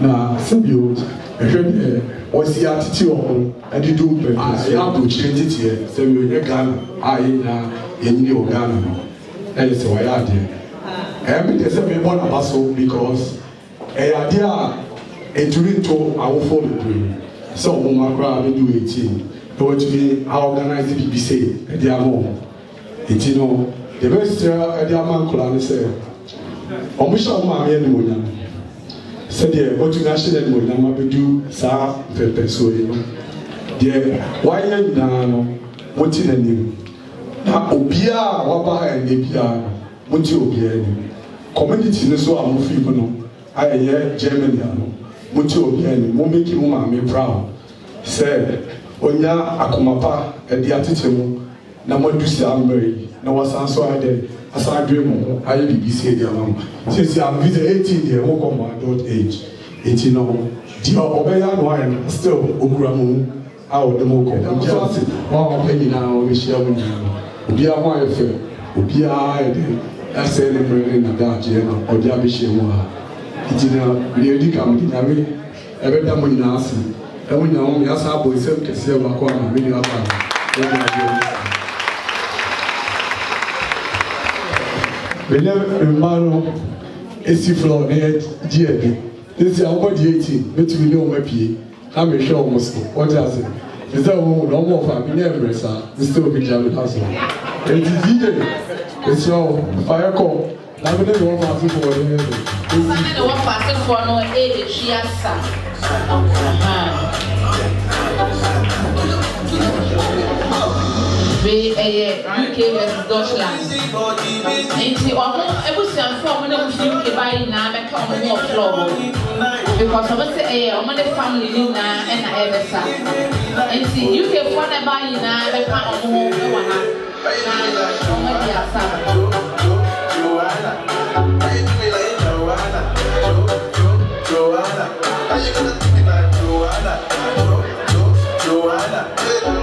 na sɛbi o ɛhwɛ eh, deɛ eh, wɔsi a wɔ ho ɛde do mpɛmpɛ so a yɛ aburokyire titiɛ sɛbi o nyɛ ghana a yɛ nyinaa yɛ nyini I ghana no ɛyɛ sɛ wɔyɛ adeɛ ɛyɛ mi deɛ sɛ mi bɔ n'aba so because ɛyɛ idea. Ah, ɛtumi tɔ awofoɔ bebree sɛ wɔn mu akora bɛdi wɔn akyi na wɔtumi aorganize biribi sɛ ɛde ama wɔn eti no deɛ bɛsira ɛde ama nkora no sɛ wɔn hyɛ wɔn maame ɛne wɔn nyam sɛdeɛ wɔtumi ahyɛ ɛne wɔn nyam abɛdu saa mpɛmpɛsoɔ yi no deɛ wɔayɛ nyinaa no wɔte n'anim na obiara a waba ha ɛnɛ biara no wɔte obiara anim community no so a wɔn fi mu no ayɛyɛ germany ano. mote obi ani mo make mo maame proud sɛ onya akoma pa ɛde atete mu na mo adu saa mmerɛ yi na wasan so ayɛ dɛ asan adwene mo ho ayɛ biribi si mụ ama mo sisi am eighteen deɛ mo kɔ mo adult age eti na mo deɛ ɔbɛyɛ ano ayɛ no still okura mo mu a ɔde mo kɔ mo a nyinaa mo nyinaa ho ayɛ fɛ ayɛ dɛ ɛsɛ ne mmerɛ ne gyina deɛ edi kan nyame ɛbɛda mo nyinaa ase ɛmo nyinaa mo yasa abɔ nsɛm kɛseɛ baako a maame ni aba ɛmo adeɛ mo sa. Bɛnɛ mmaa no esi floor na yɛgye ɛbi esi awɔ di eti betumi ne wɔn apie na mehwɛ wɔn so wɔte ase sisɛ wɔn na wɔn ɔfa mi ne ɛmɛ saa sisɛ omi gya mi na so eti gyi de esrɛ wɔn fire call na mi ne na wɔfa ase fo ɔne ɛyɛ no sane na wɔfa ase fo no ɛyɛ ɛtwi asa be ɛyɛ uk vs dutchland nti ɔmo ebusuafo a ɔmo ne kusi uk baa nyinaa bɛka ɔmo wɔ floor hɔ because ɔmo sɛ ɛyɛ ɔmo ne family nyinaa ɛna ɛbɛsa nti uk foɔ ne baa nyinaa bɛka ɔmo wɔ ha na ɔmo di asa. Joanna? How you doing Joanna? Jo, Jo, Joanna. How you gonna do me like Joanna? Jo, Jo, Joanna. Hey.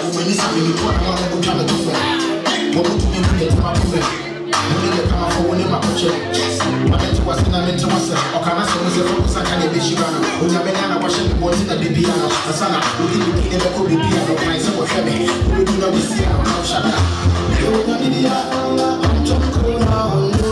I'm gonna the you to do not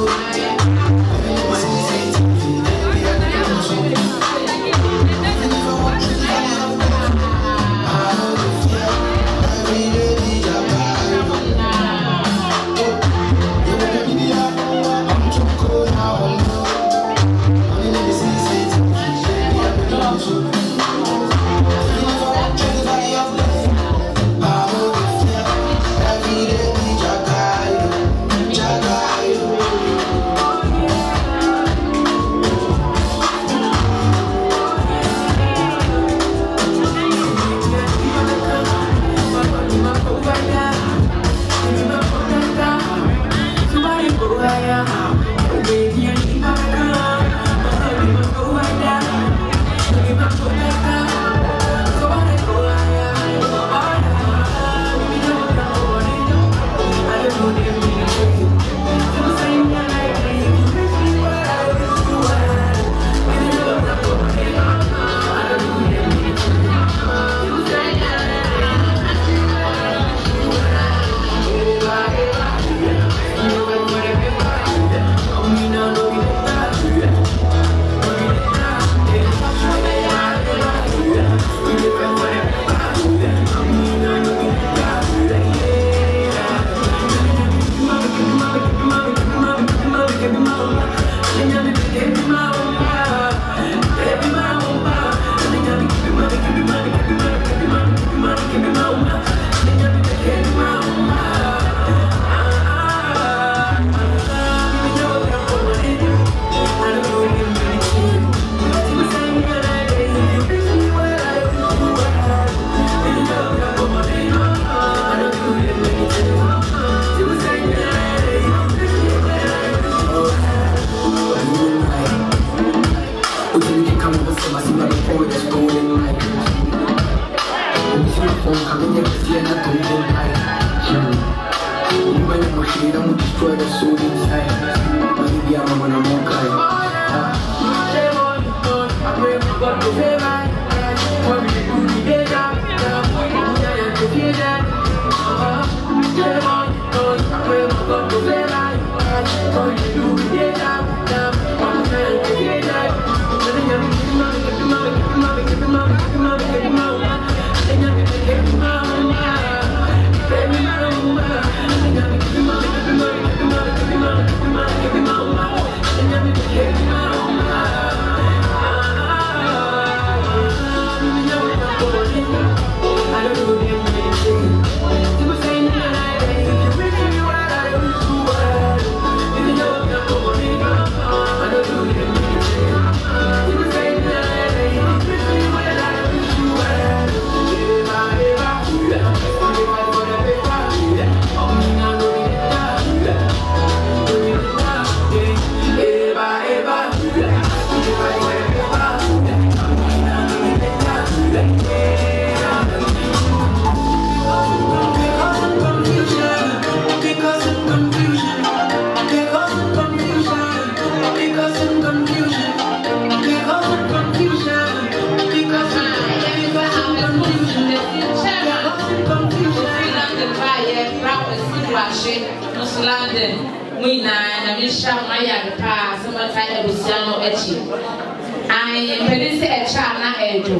yɛmpɛdi sɛ ɛkyɛ ana ɛdwo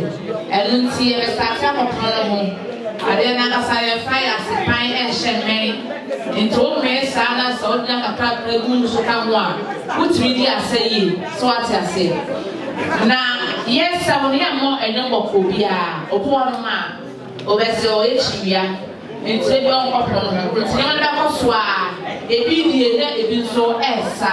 ɛno nti yɛbɛsa ate akɔkorɔ no ho adeɛ no ankasa yɛmfa yɛ pan ɛnhyɛ mmɛn nti wo mmɛn saa na sɛ wode nakakrakra gu mu so ka ho a wotumi di asɛ yie sɛ woate ase na yɛsɛm no yɛmmɔ ɛne mmɔkɔ biara ɔkɔ hɔ nom a ɔbɛsɛ ɔyɛ kyiwia nti ebi ɔnkɔpɔ no ho nti nneɛma no so a ebi die na ebi nso ɛresa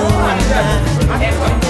so much.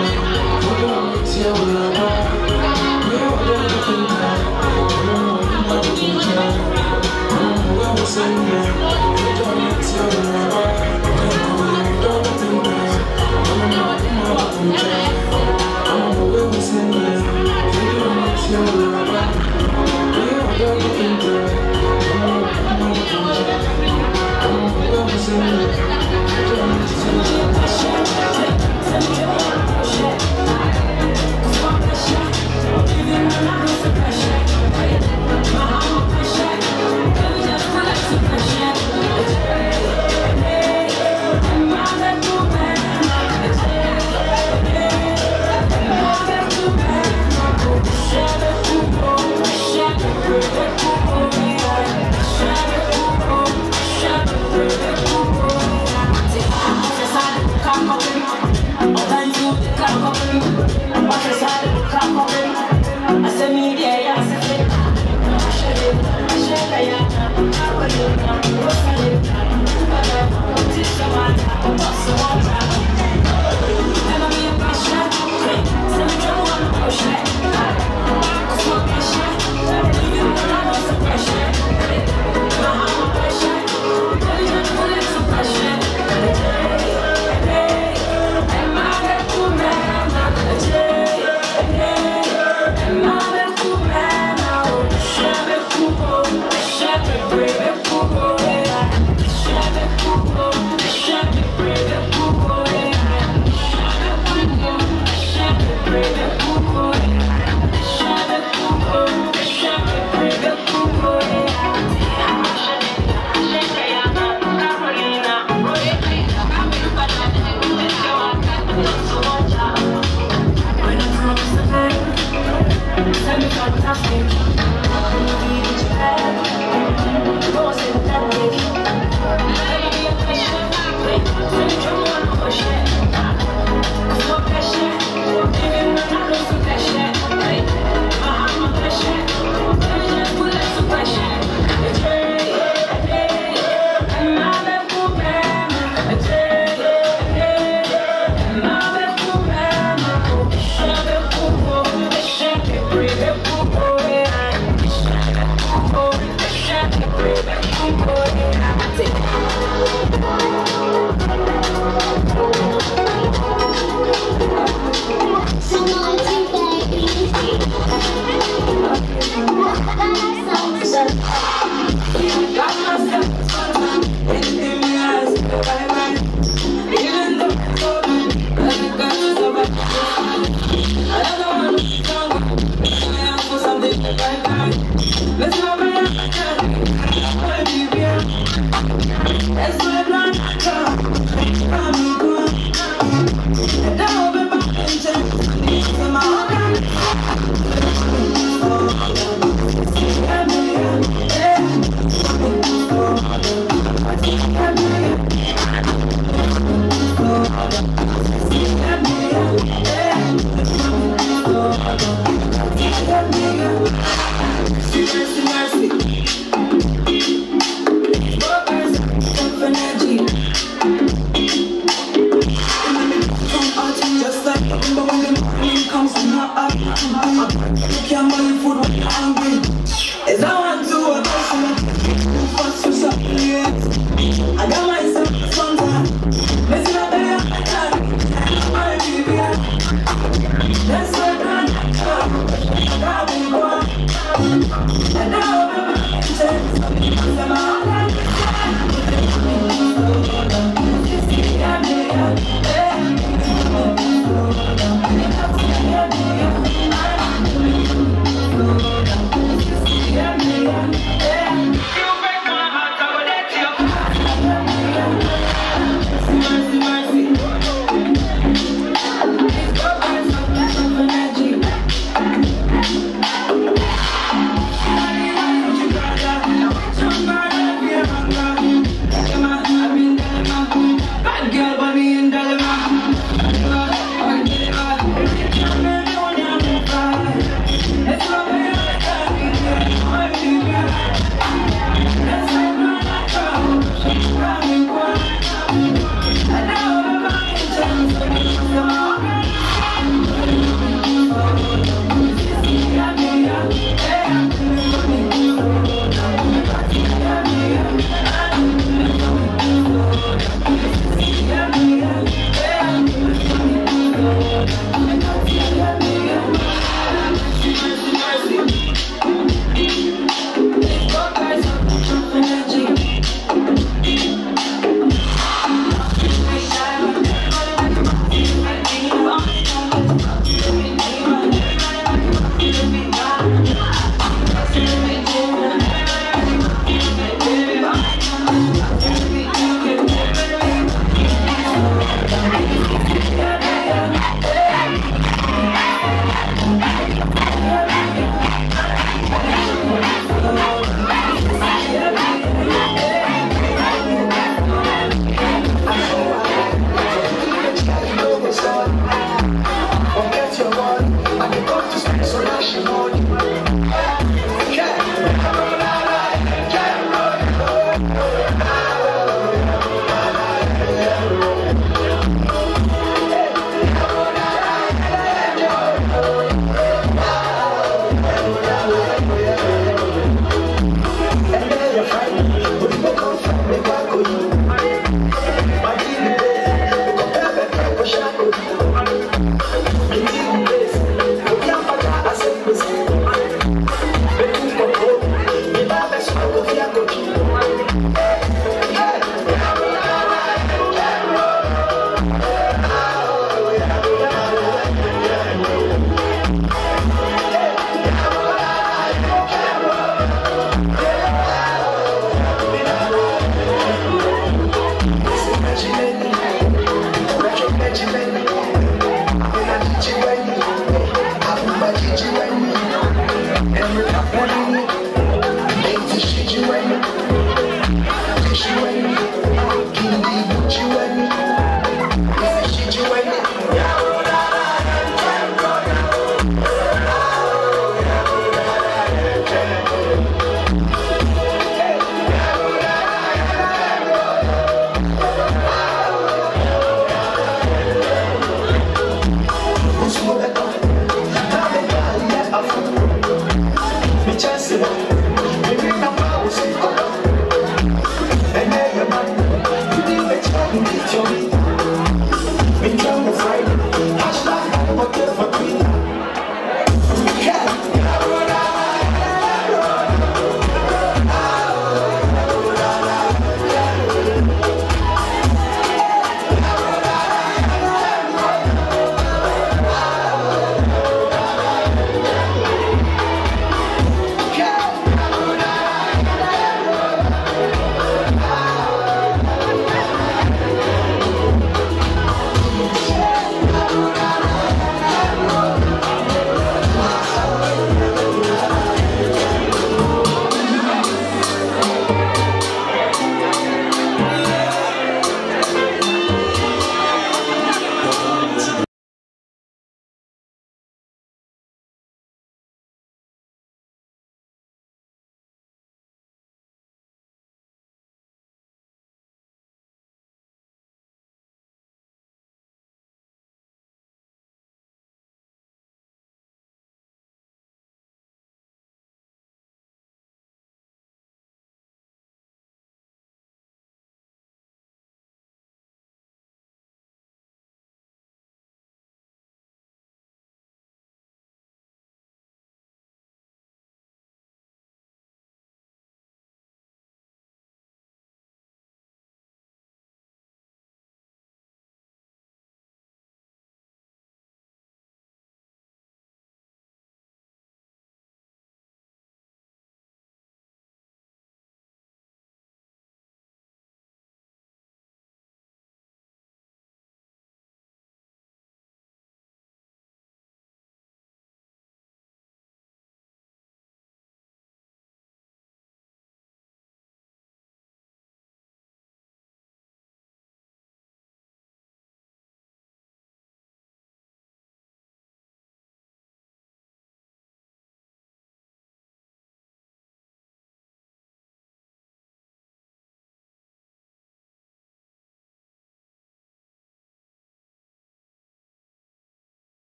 till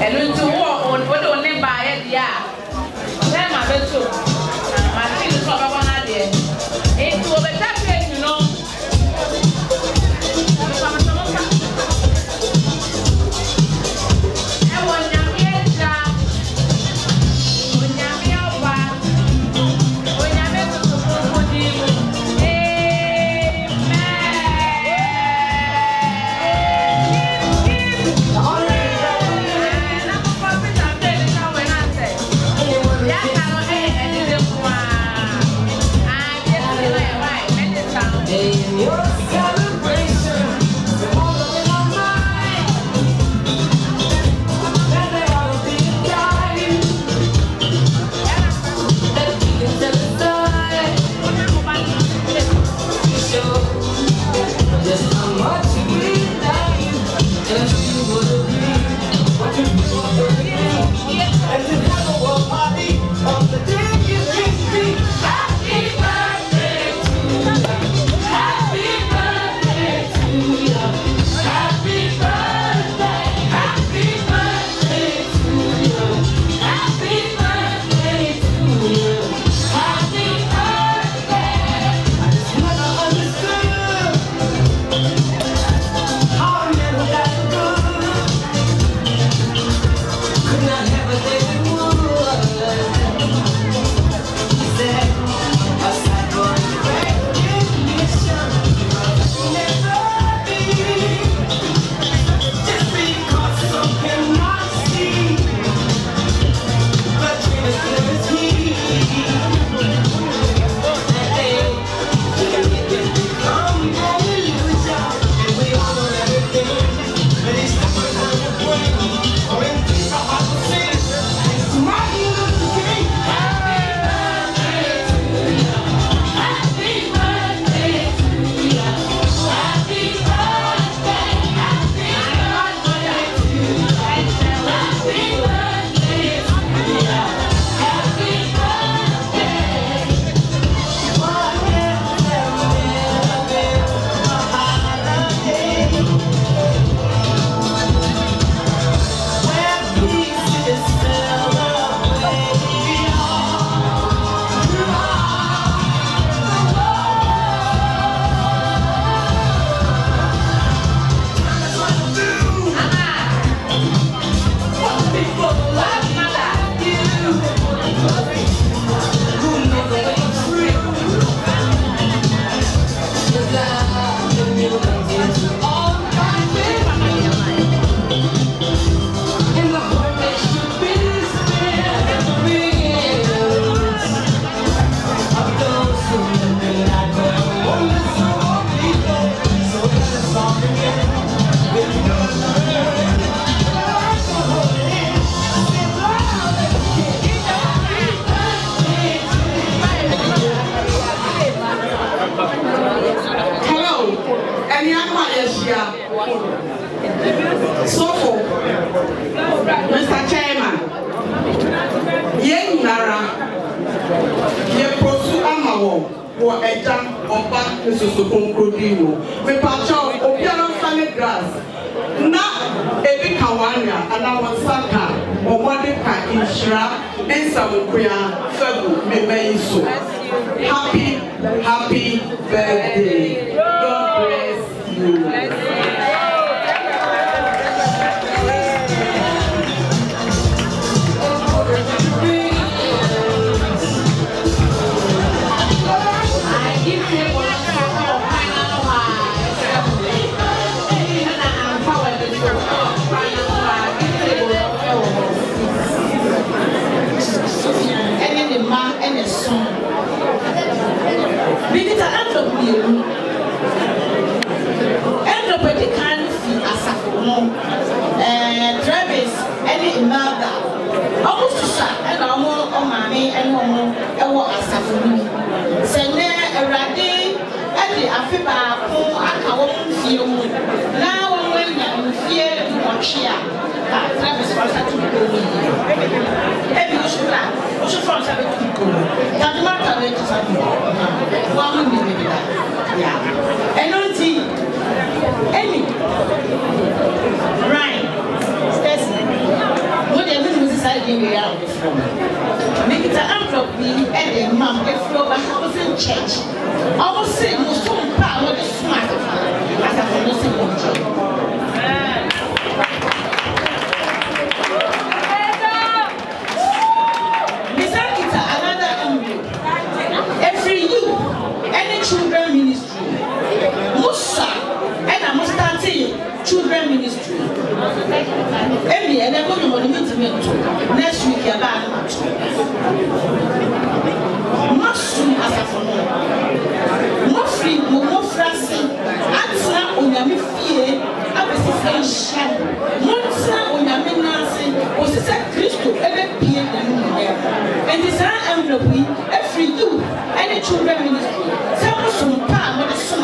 Hello mmienu ɛnopɛdi kan fi asafo no ɛɛ travis ɛne imelda ɔmo susua ɛna ɔmo ɔmaame ɛne ɔmo ɛwɔ asafo no mu sɛ nɛ ɛwurade ɛde afe baako aka wɔn fie mu na wɔn anya mfie nwɔtwe a ka sira bɛ sɔrɔ sa tulu ko mi e bi wusu la wusu fɔlɔ sa bɛ tulu ko mi tantuma ta bɛ ti sa mi wa mu mi ryan stacey mo de mi ni mo ti sa ebi wi ya o de fɔ mi kita envelope bi ɛdi mam efuro ba housing church ɔmo si mo so mpa a mo de suma ati fa ati fa mo si ebi ɛnɛ kɔ nyɔmɔ ni mi ti mi ntu next week yɛ ba ama tu mo sun asafo no mo firi mo mo fira se atena onyame fie abesi sɛ nhyia mo tena onyame n'ase osi sɛ kristo ɛbɛ pie n'anu mu yɛ eti saa envelope yi e efiri you ɛne children ministry sɛ mo sun pa a mo de sun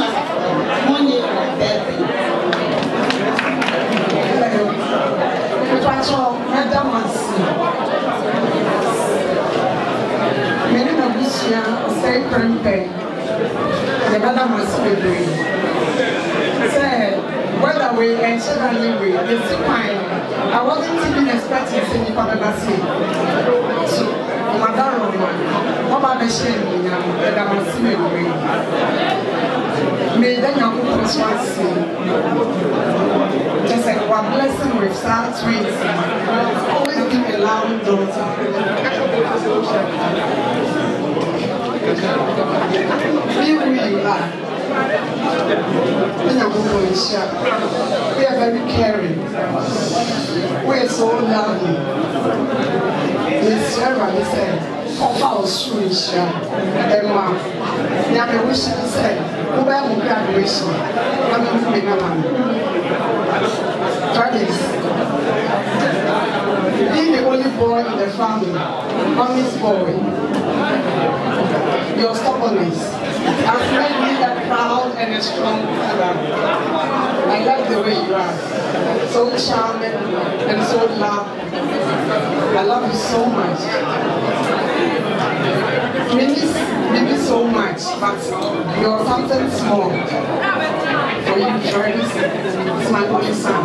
prɛnpɛ yɛbɛda mo asi bebree sɛ whether we ɛnhyɛ na ne we yɛsi kwan i wasnt even expecting to sɛ nipa bɛba se so madaro ma wɔba bɛhyɛ nnyinam yɛda mo asi bebree May then your people trust you. Just like one blessing with star twins. Always give a loud daughter. Be who you are. We are very caring. We are so loving. Yes, everybody said. Ọba ọ̀ṣun ìṣá ẹ̀ma ní abẹ́wò ṣe ń sẹ́ mo bá mú graduation lọ́nà fún mi náà màmí. Travis, being the only boy in the family, mommy's boy. your stubbornness and made me a proud and a strong woman. I like the way you are. So charming and so loved. I love you so much. Maybe, maybe so much, but you're something small. For you, Jordan, it's my only son.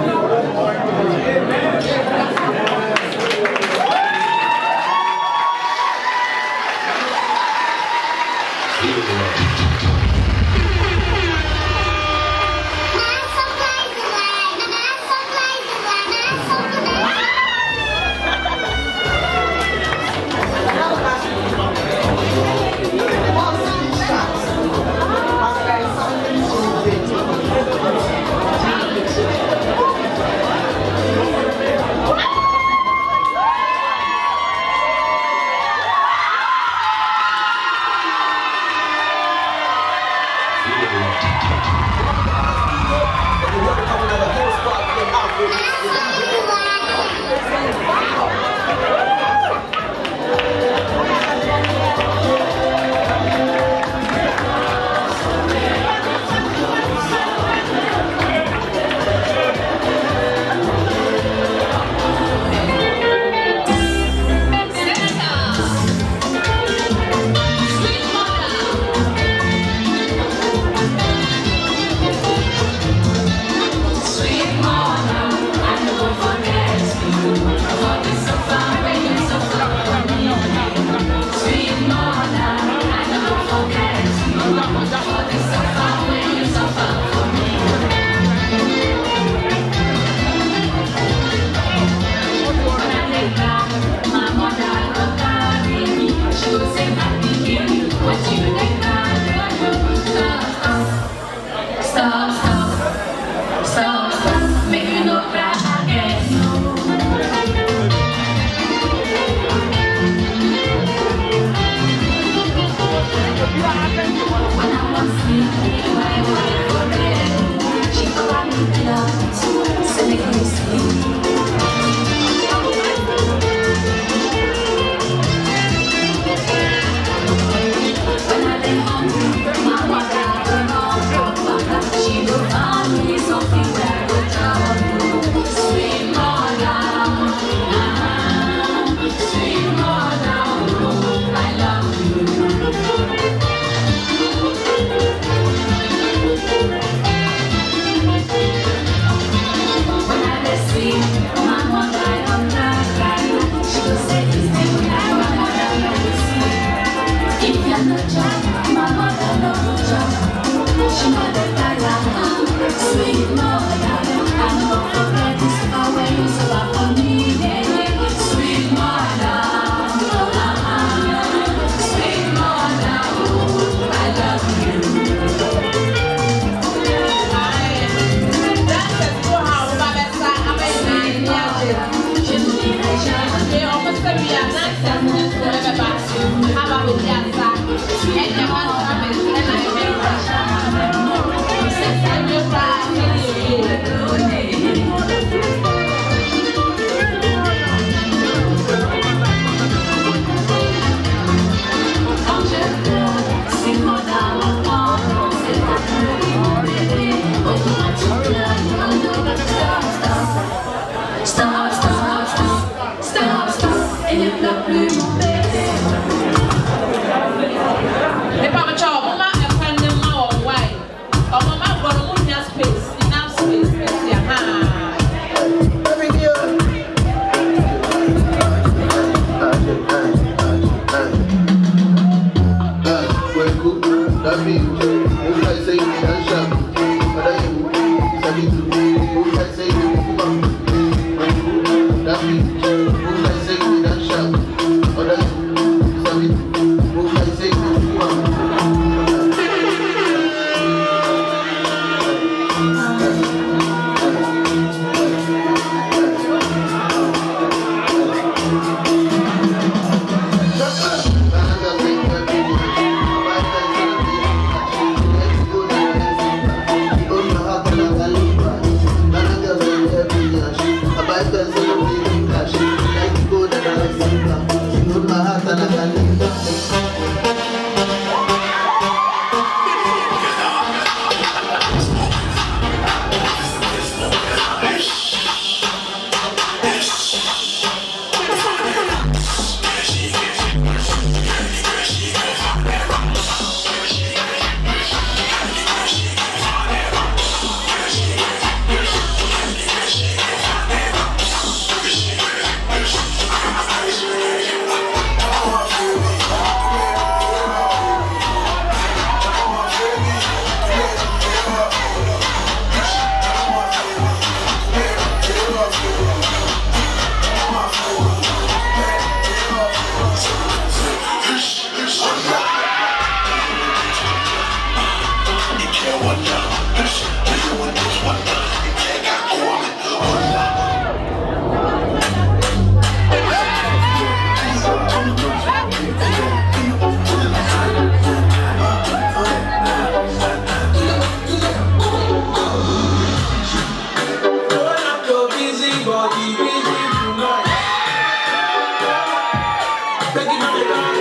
Thank you, the line.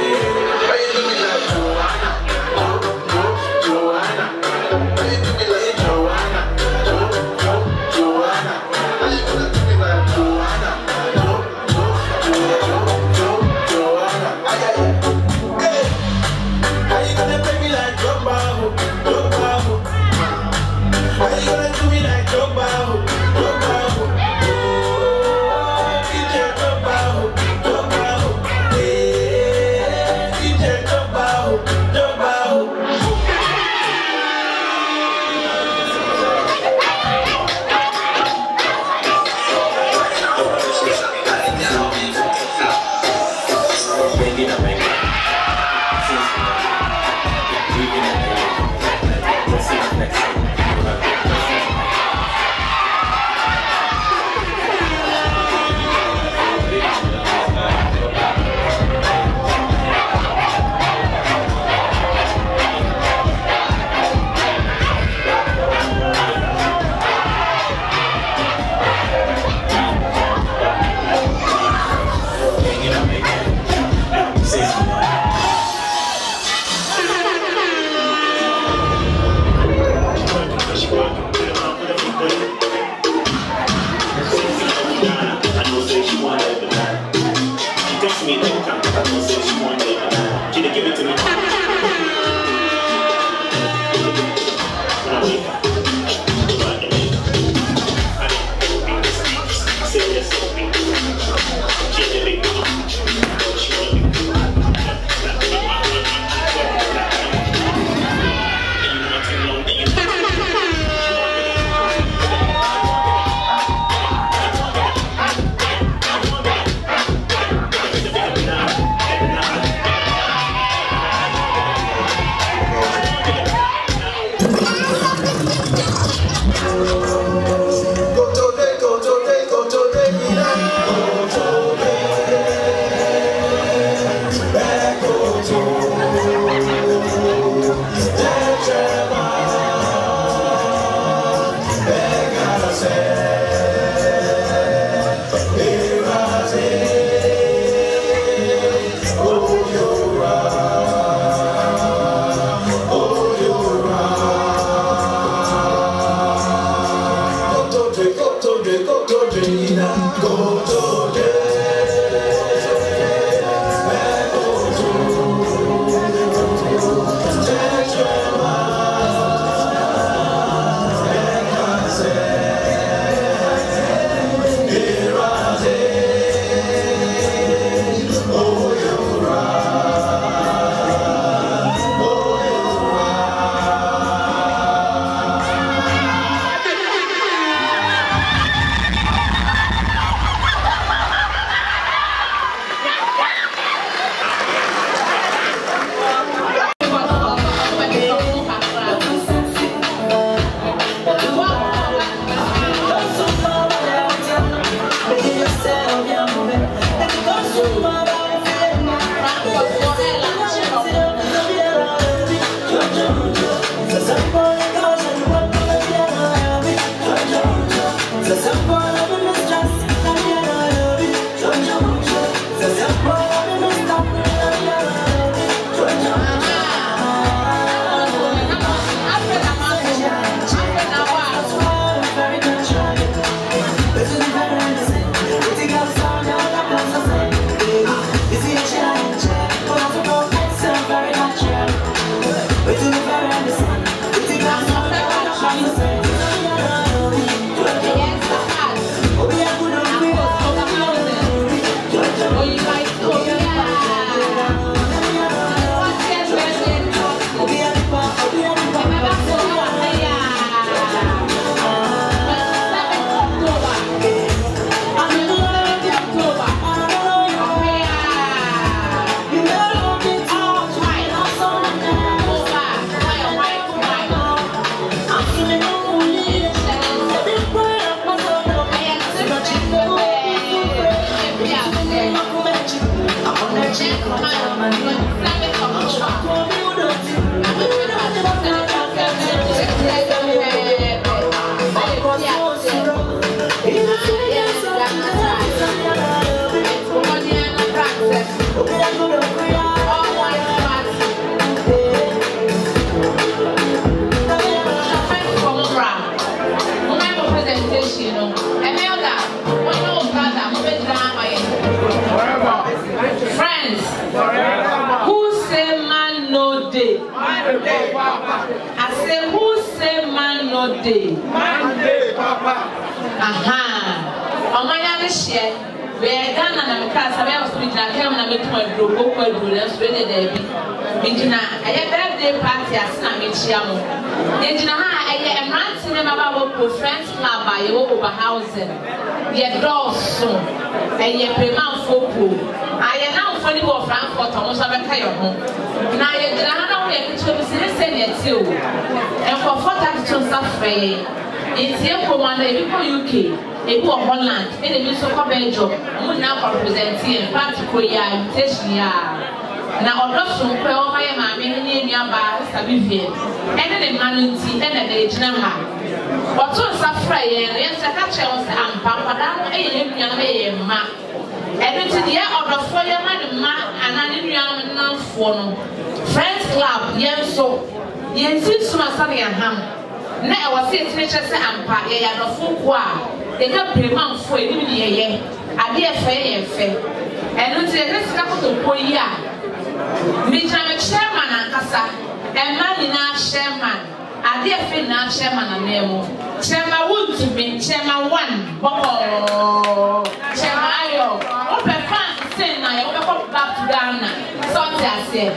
monday. monday papa. ɔman yɛ ahyɛ bɛyɛ ghana na mekra asabɛ yɛ ɔsoro gyina kɛm na metum aduro koko aduro na nso ɛde daabi megyina ɛyɛ birthday party ase na mekyia mo yɛgyina ha a ɛyɛ mmerante ne mmabaawa conference club a yɛwɔ oberhausen yɛdɔɔso ɛyɛ premanfoɔ kuo ne bi wɔ frankfurt a wɔn nso abɛka yɛn ho na yɛgyina ha na wɔn yɛ ketewa bi si ne sɛ ne ti o nkɔfo ta ketewa nsa frɛ yɛn ntie kɔma na ebi kɔ uk ebi wɔ holland ɛna ebi nso kɔ belgium wɔn nyinaa kɔ represent yɛn party kɔ yɛ a invitation yɛ a na ɔdɔ sonkɔ a ɔma yɛ maame ne enua baa sabi viɛn ɛne ne mma no nti ɛna na egyina ha wɔto nsa frɛ yɛn no yɛn nsa kakyɛ wɔn sɛ ampa nkwadaa no ɛyɛ ne nua no ɛyɛ mma. ɛno ɔdɔfoɔ yɛ ma ne mma anaa ne nuanom no friends club yɛn nso yɛn soma sani aham na ɛwɔ sɛ yɛtiri kyɛ ampa yɛyɛ adɔfo ko a yɛka piremanfoɔ anim ne yɛyɛ adeɛ fɛ yɛn fɛ ɛno nti sika kotokuo yi a megyina me chairman ankasa mmaa nyinaa chairman adeɛ fɛ nyinaa chairman mu chairman chairman one bɔkɔɔ ghana sɔte aseɛ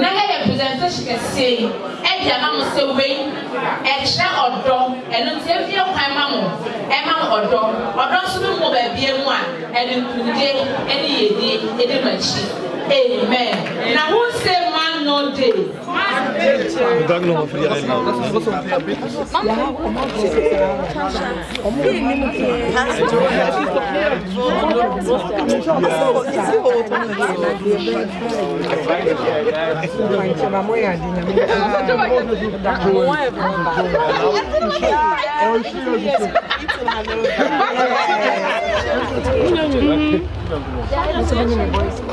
na ɛyɛ presentation kɛseɛ yi ɛde ama mo sɛ wei ɛkyerɛ ɔdɔ ɛno nti ebie kwan ma mo ɛma mo ɔdɔ ɔdɔ nso bi mo baabi emu a ɛde ntunde ɛne yɛdie ɛde mo akyi. Amen. Now who say man no day? Thank you.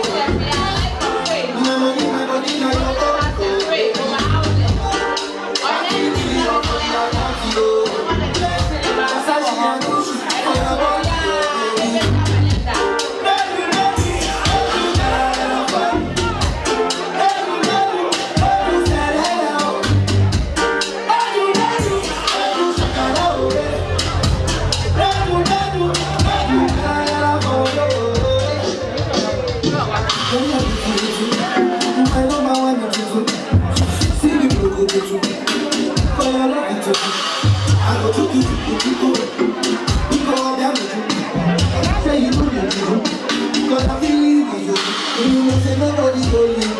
Cause I believe in you, you will say nobody will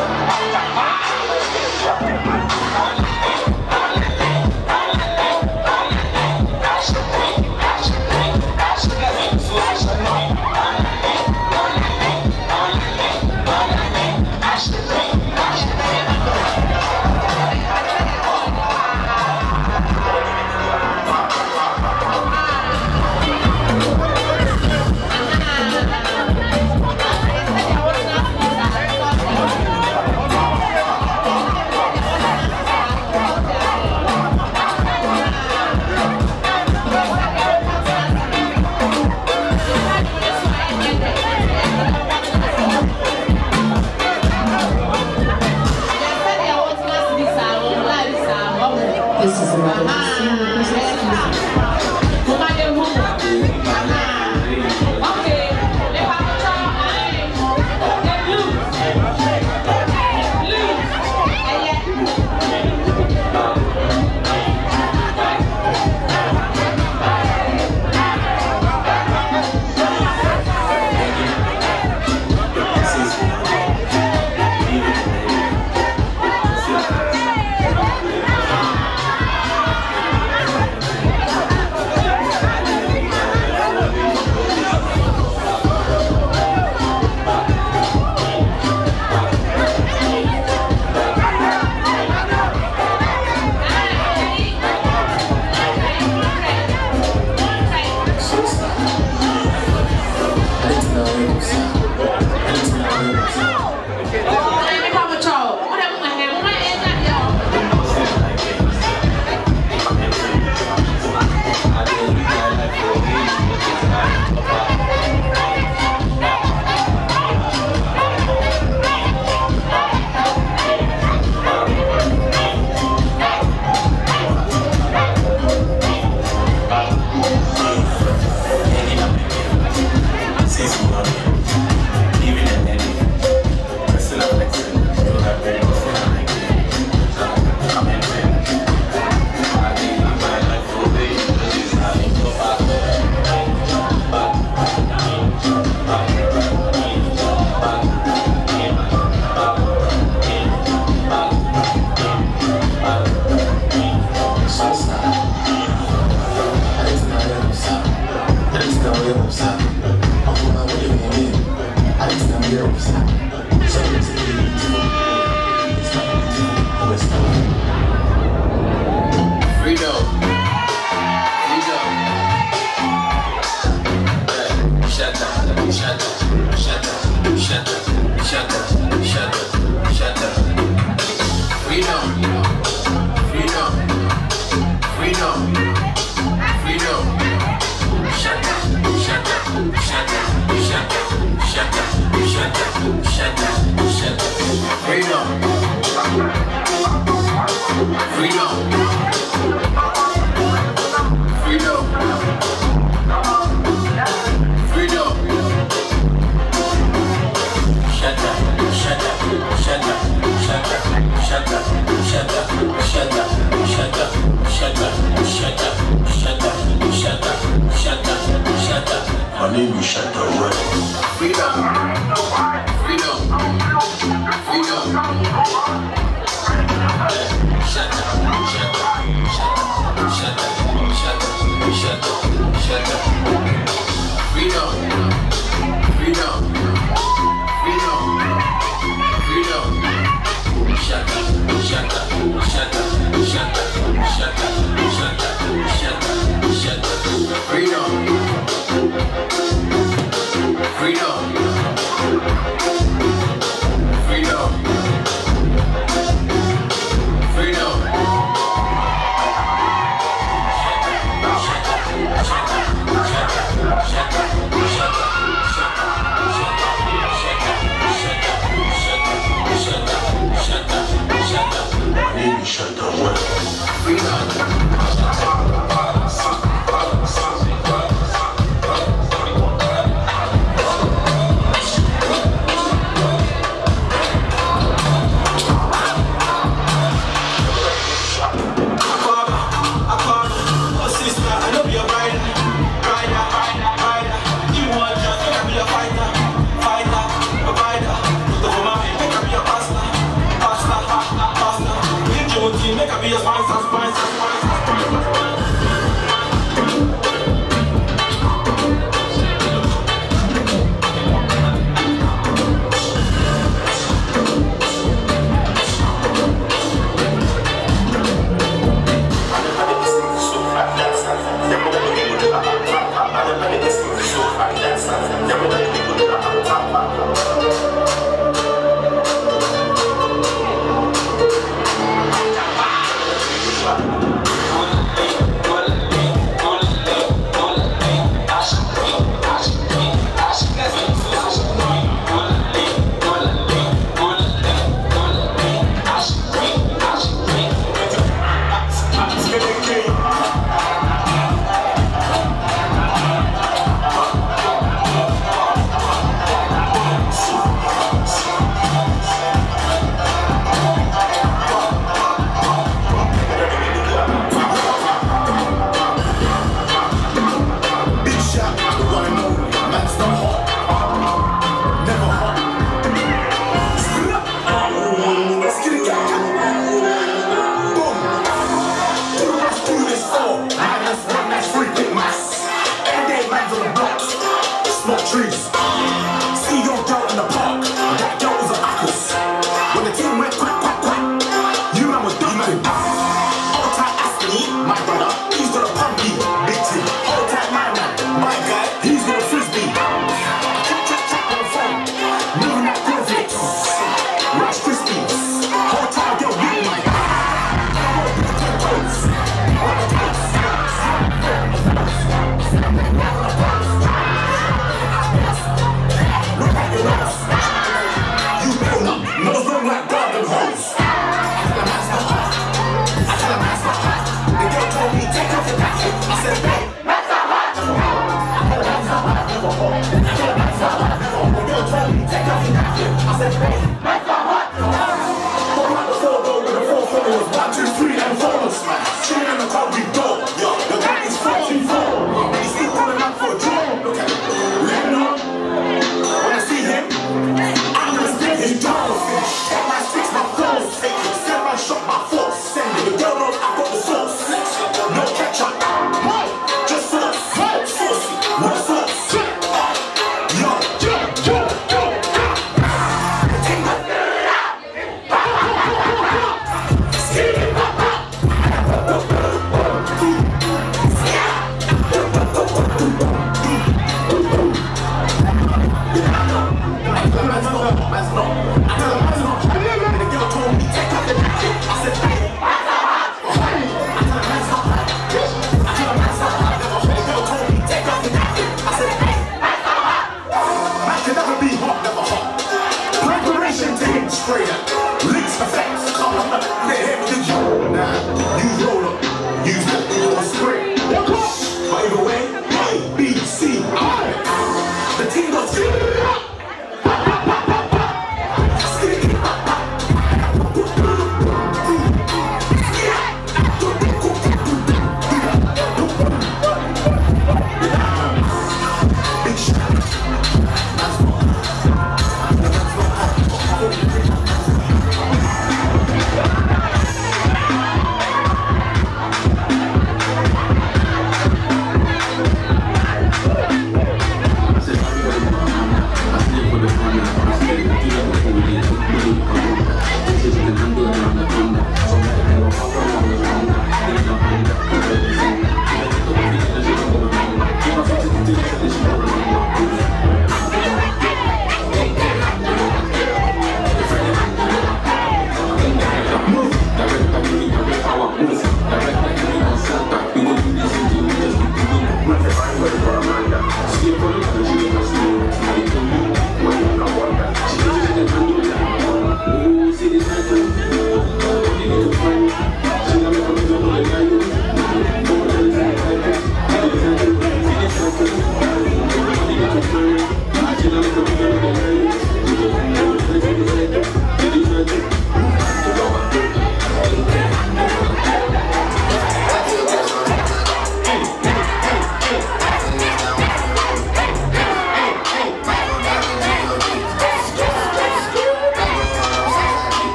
Thank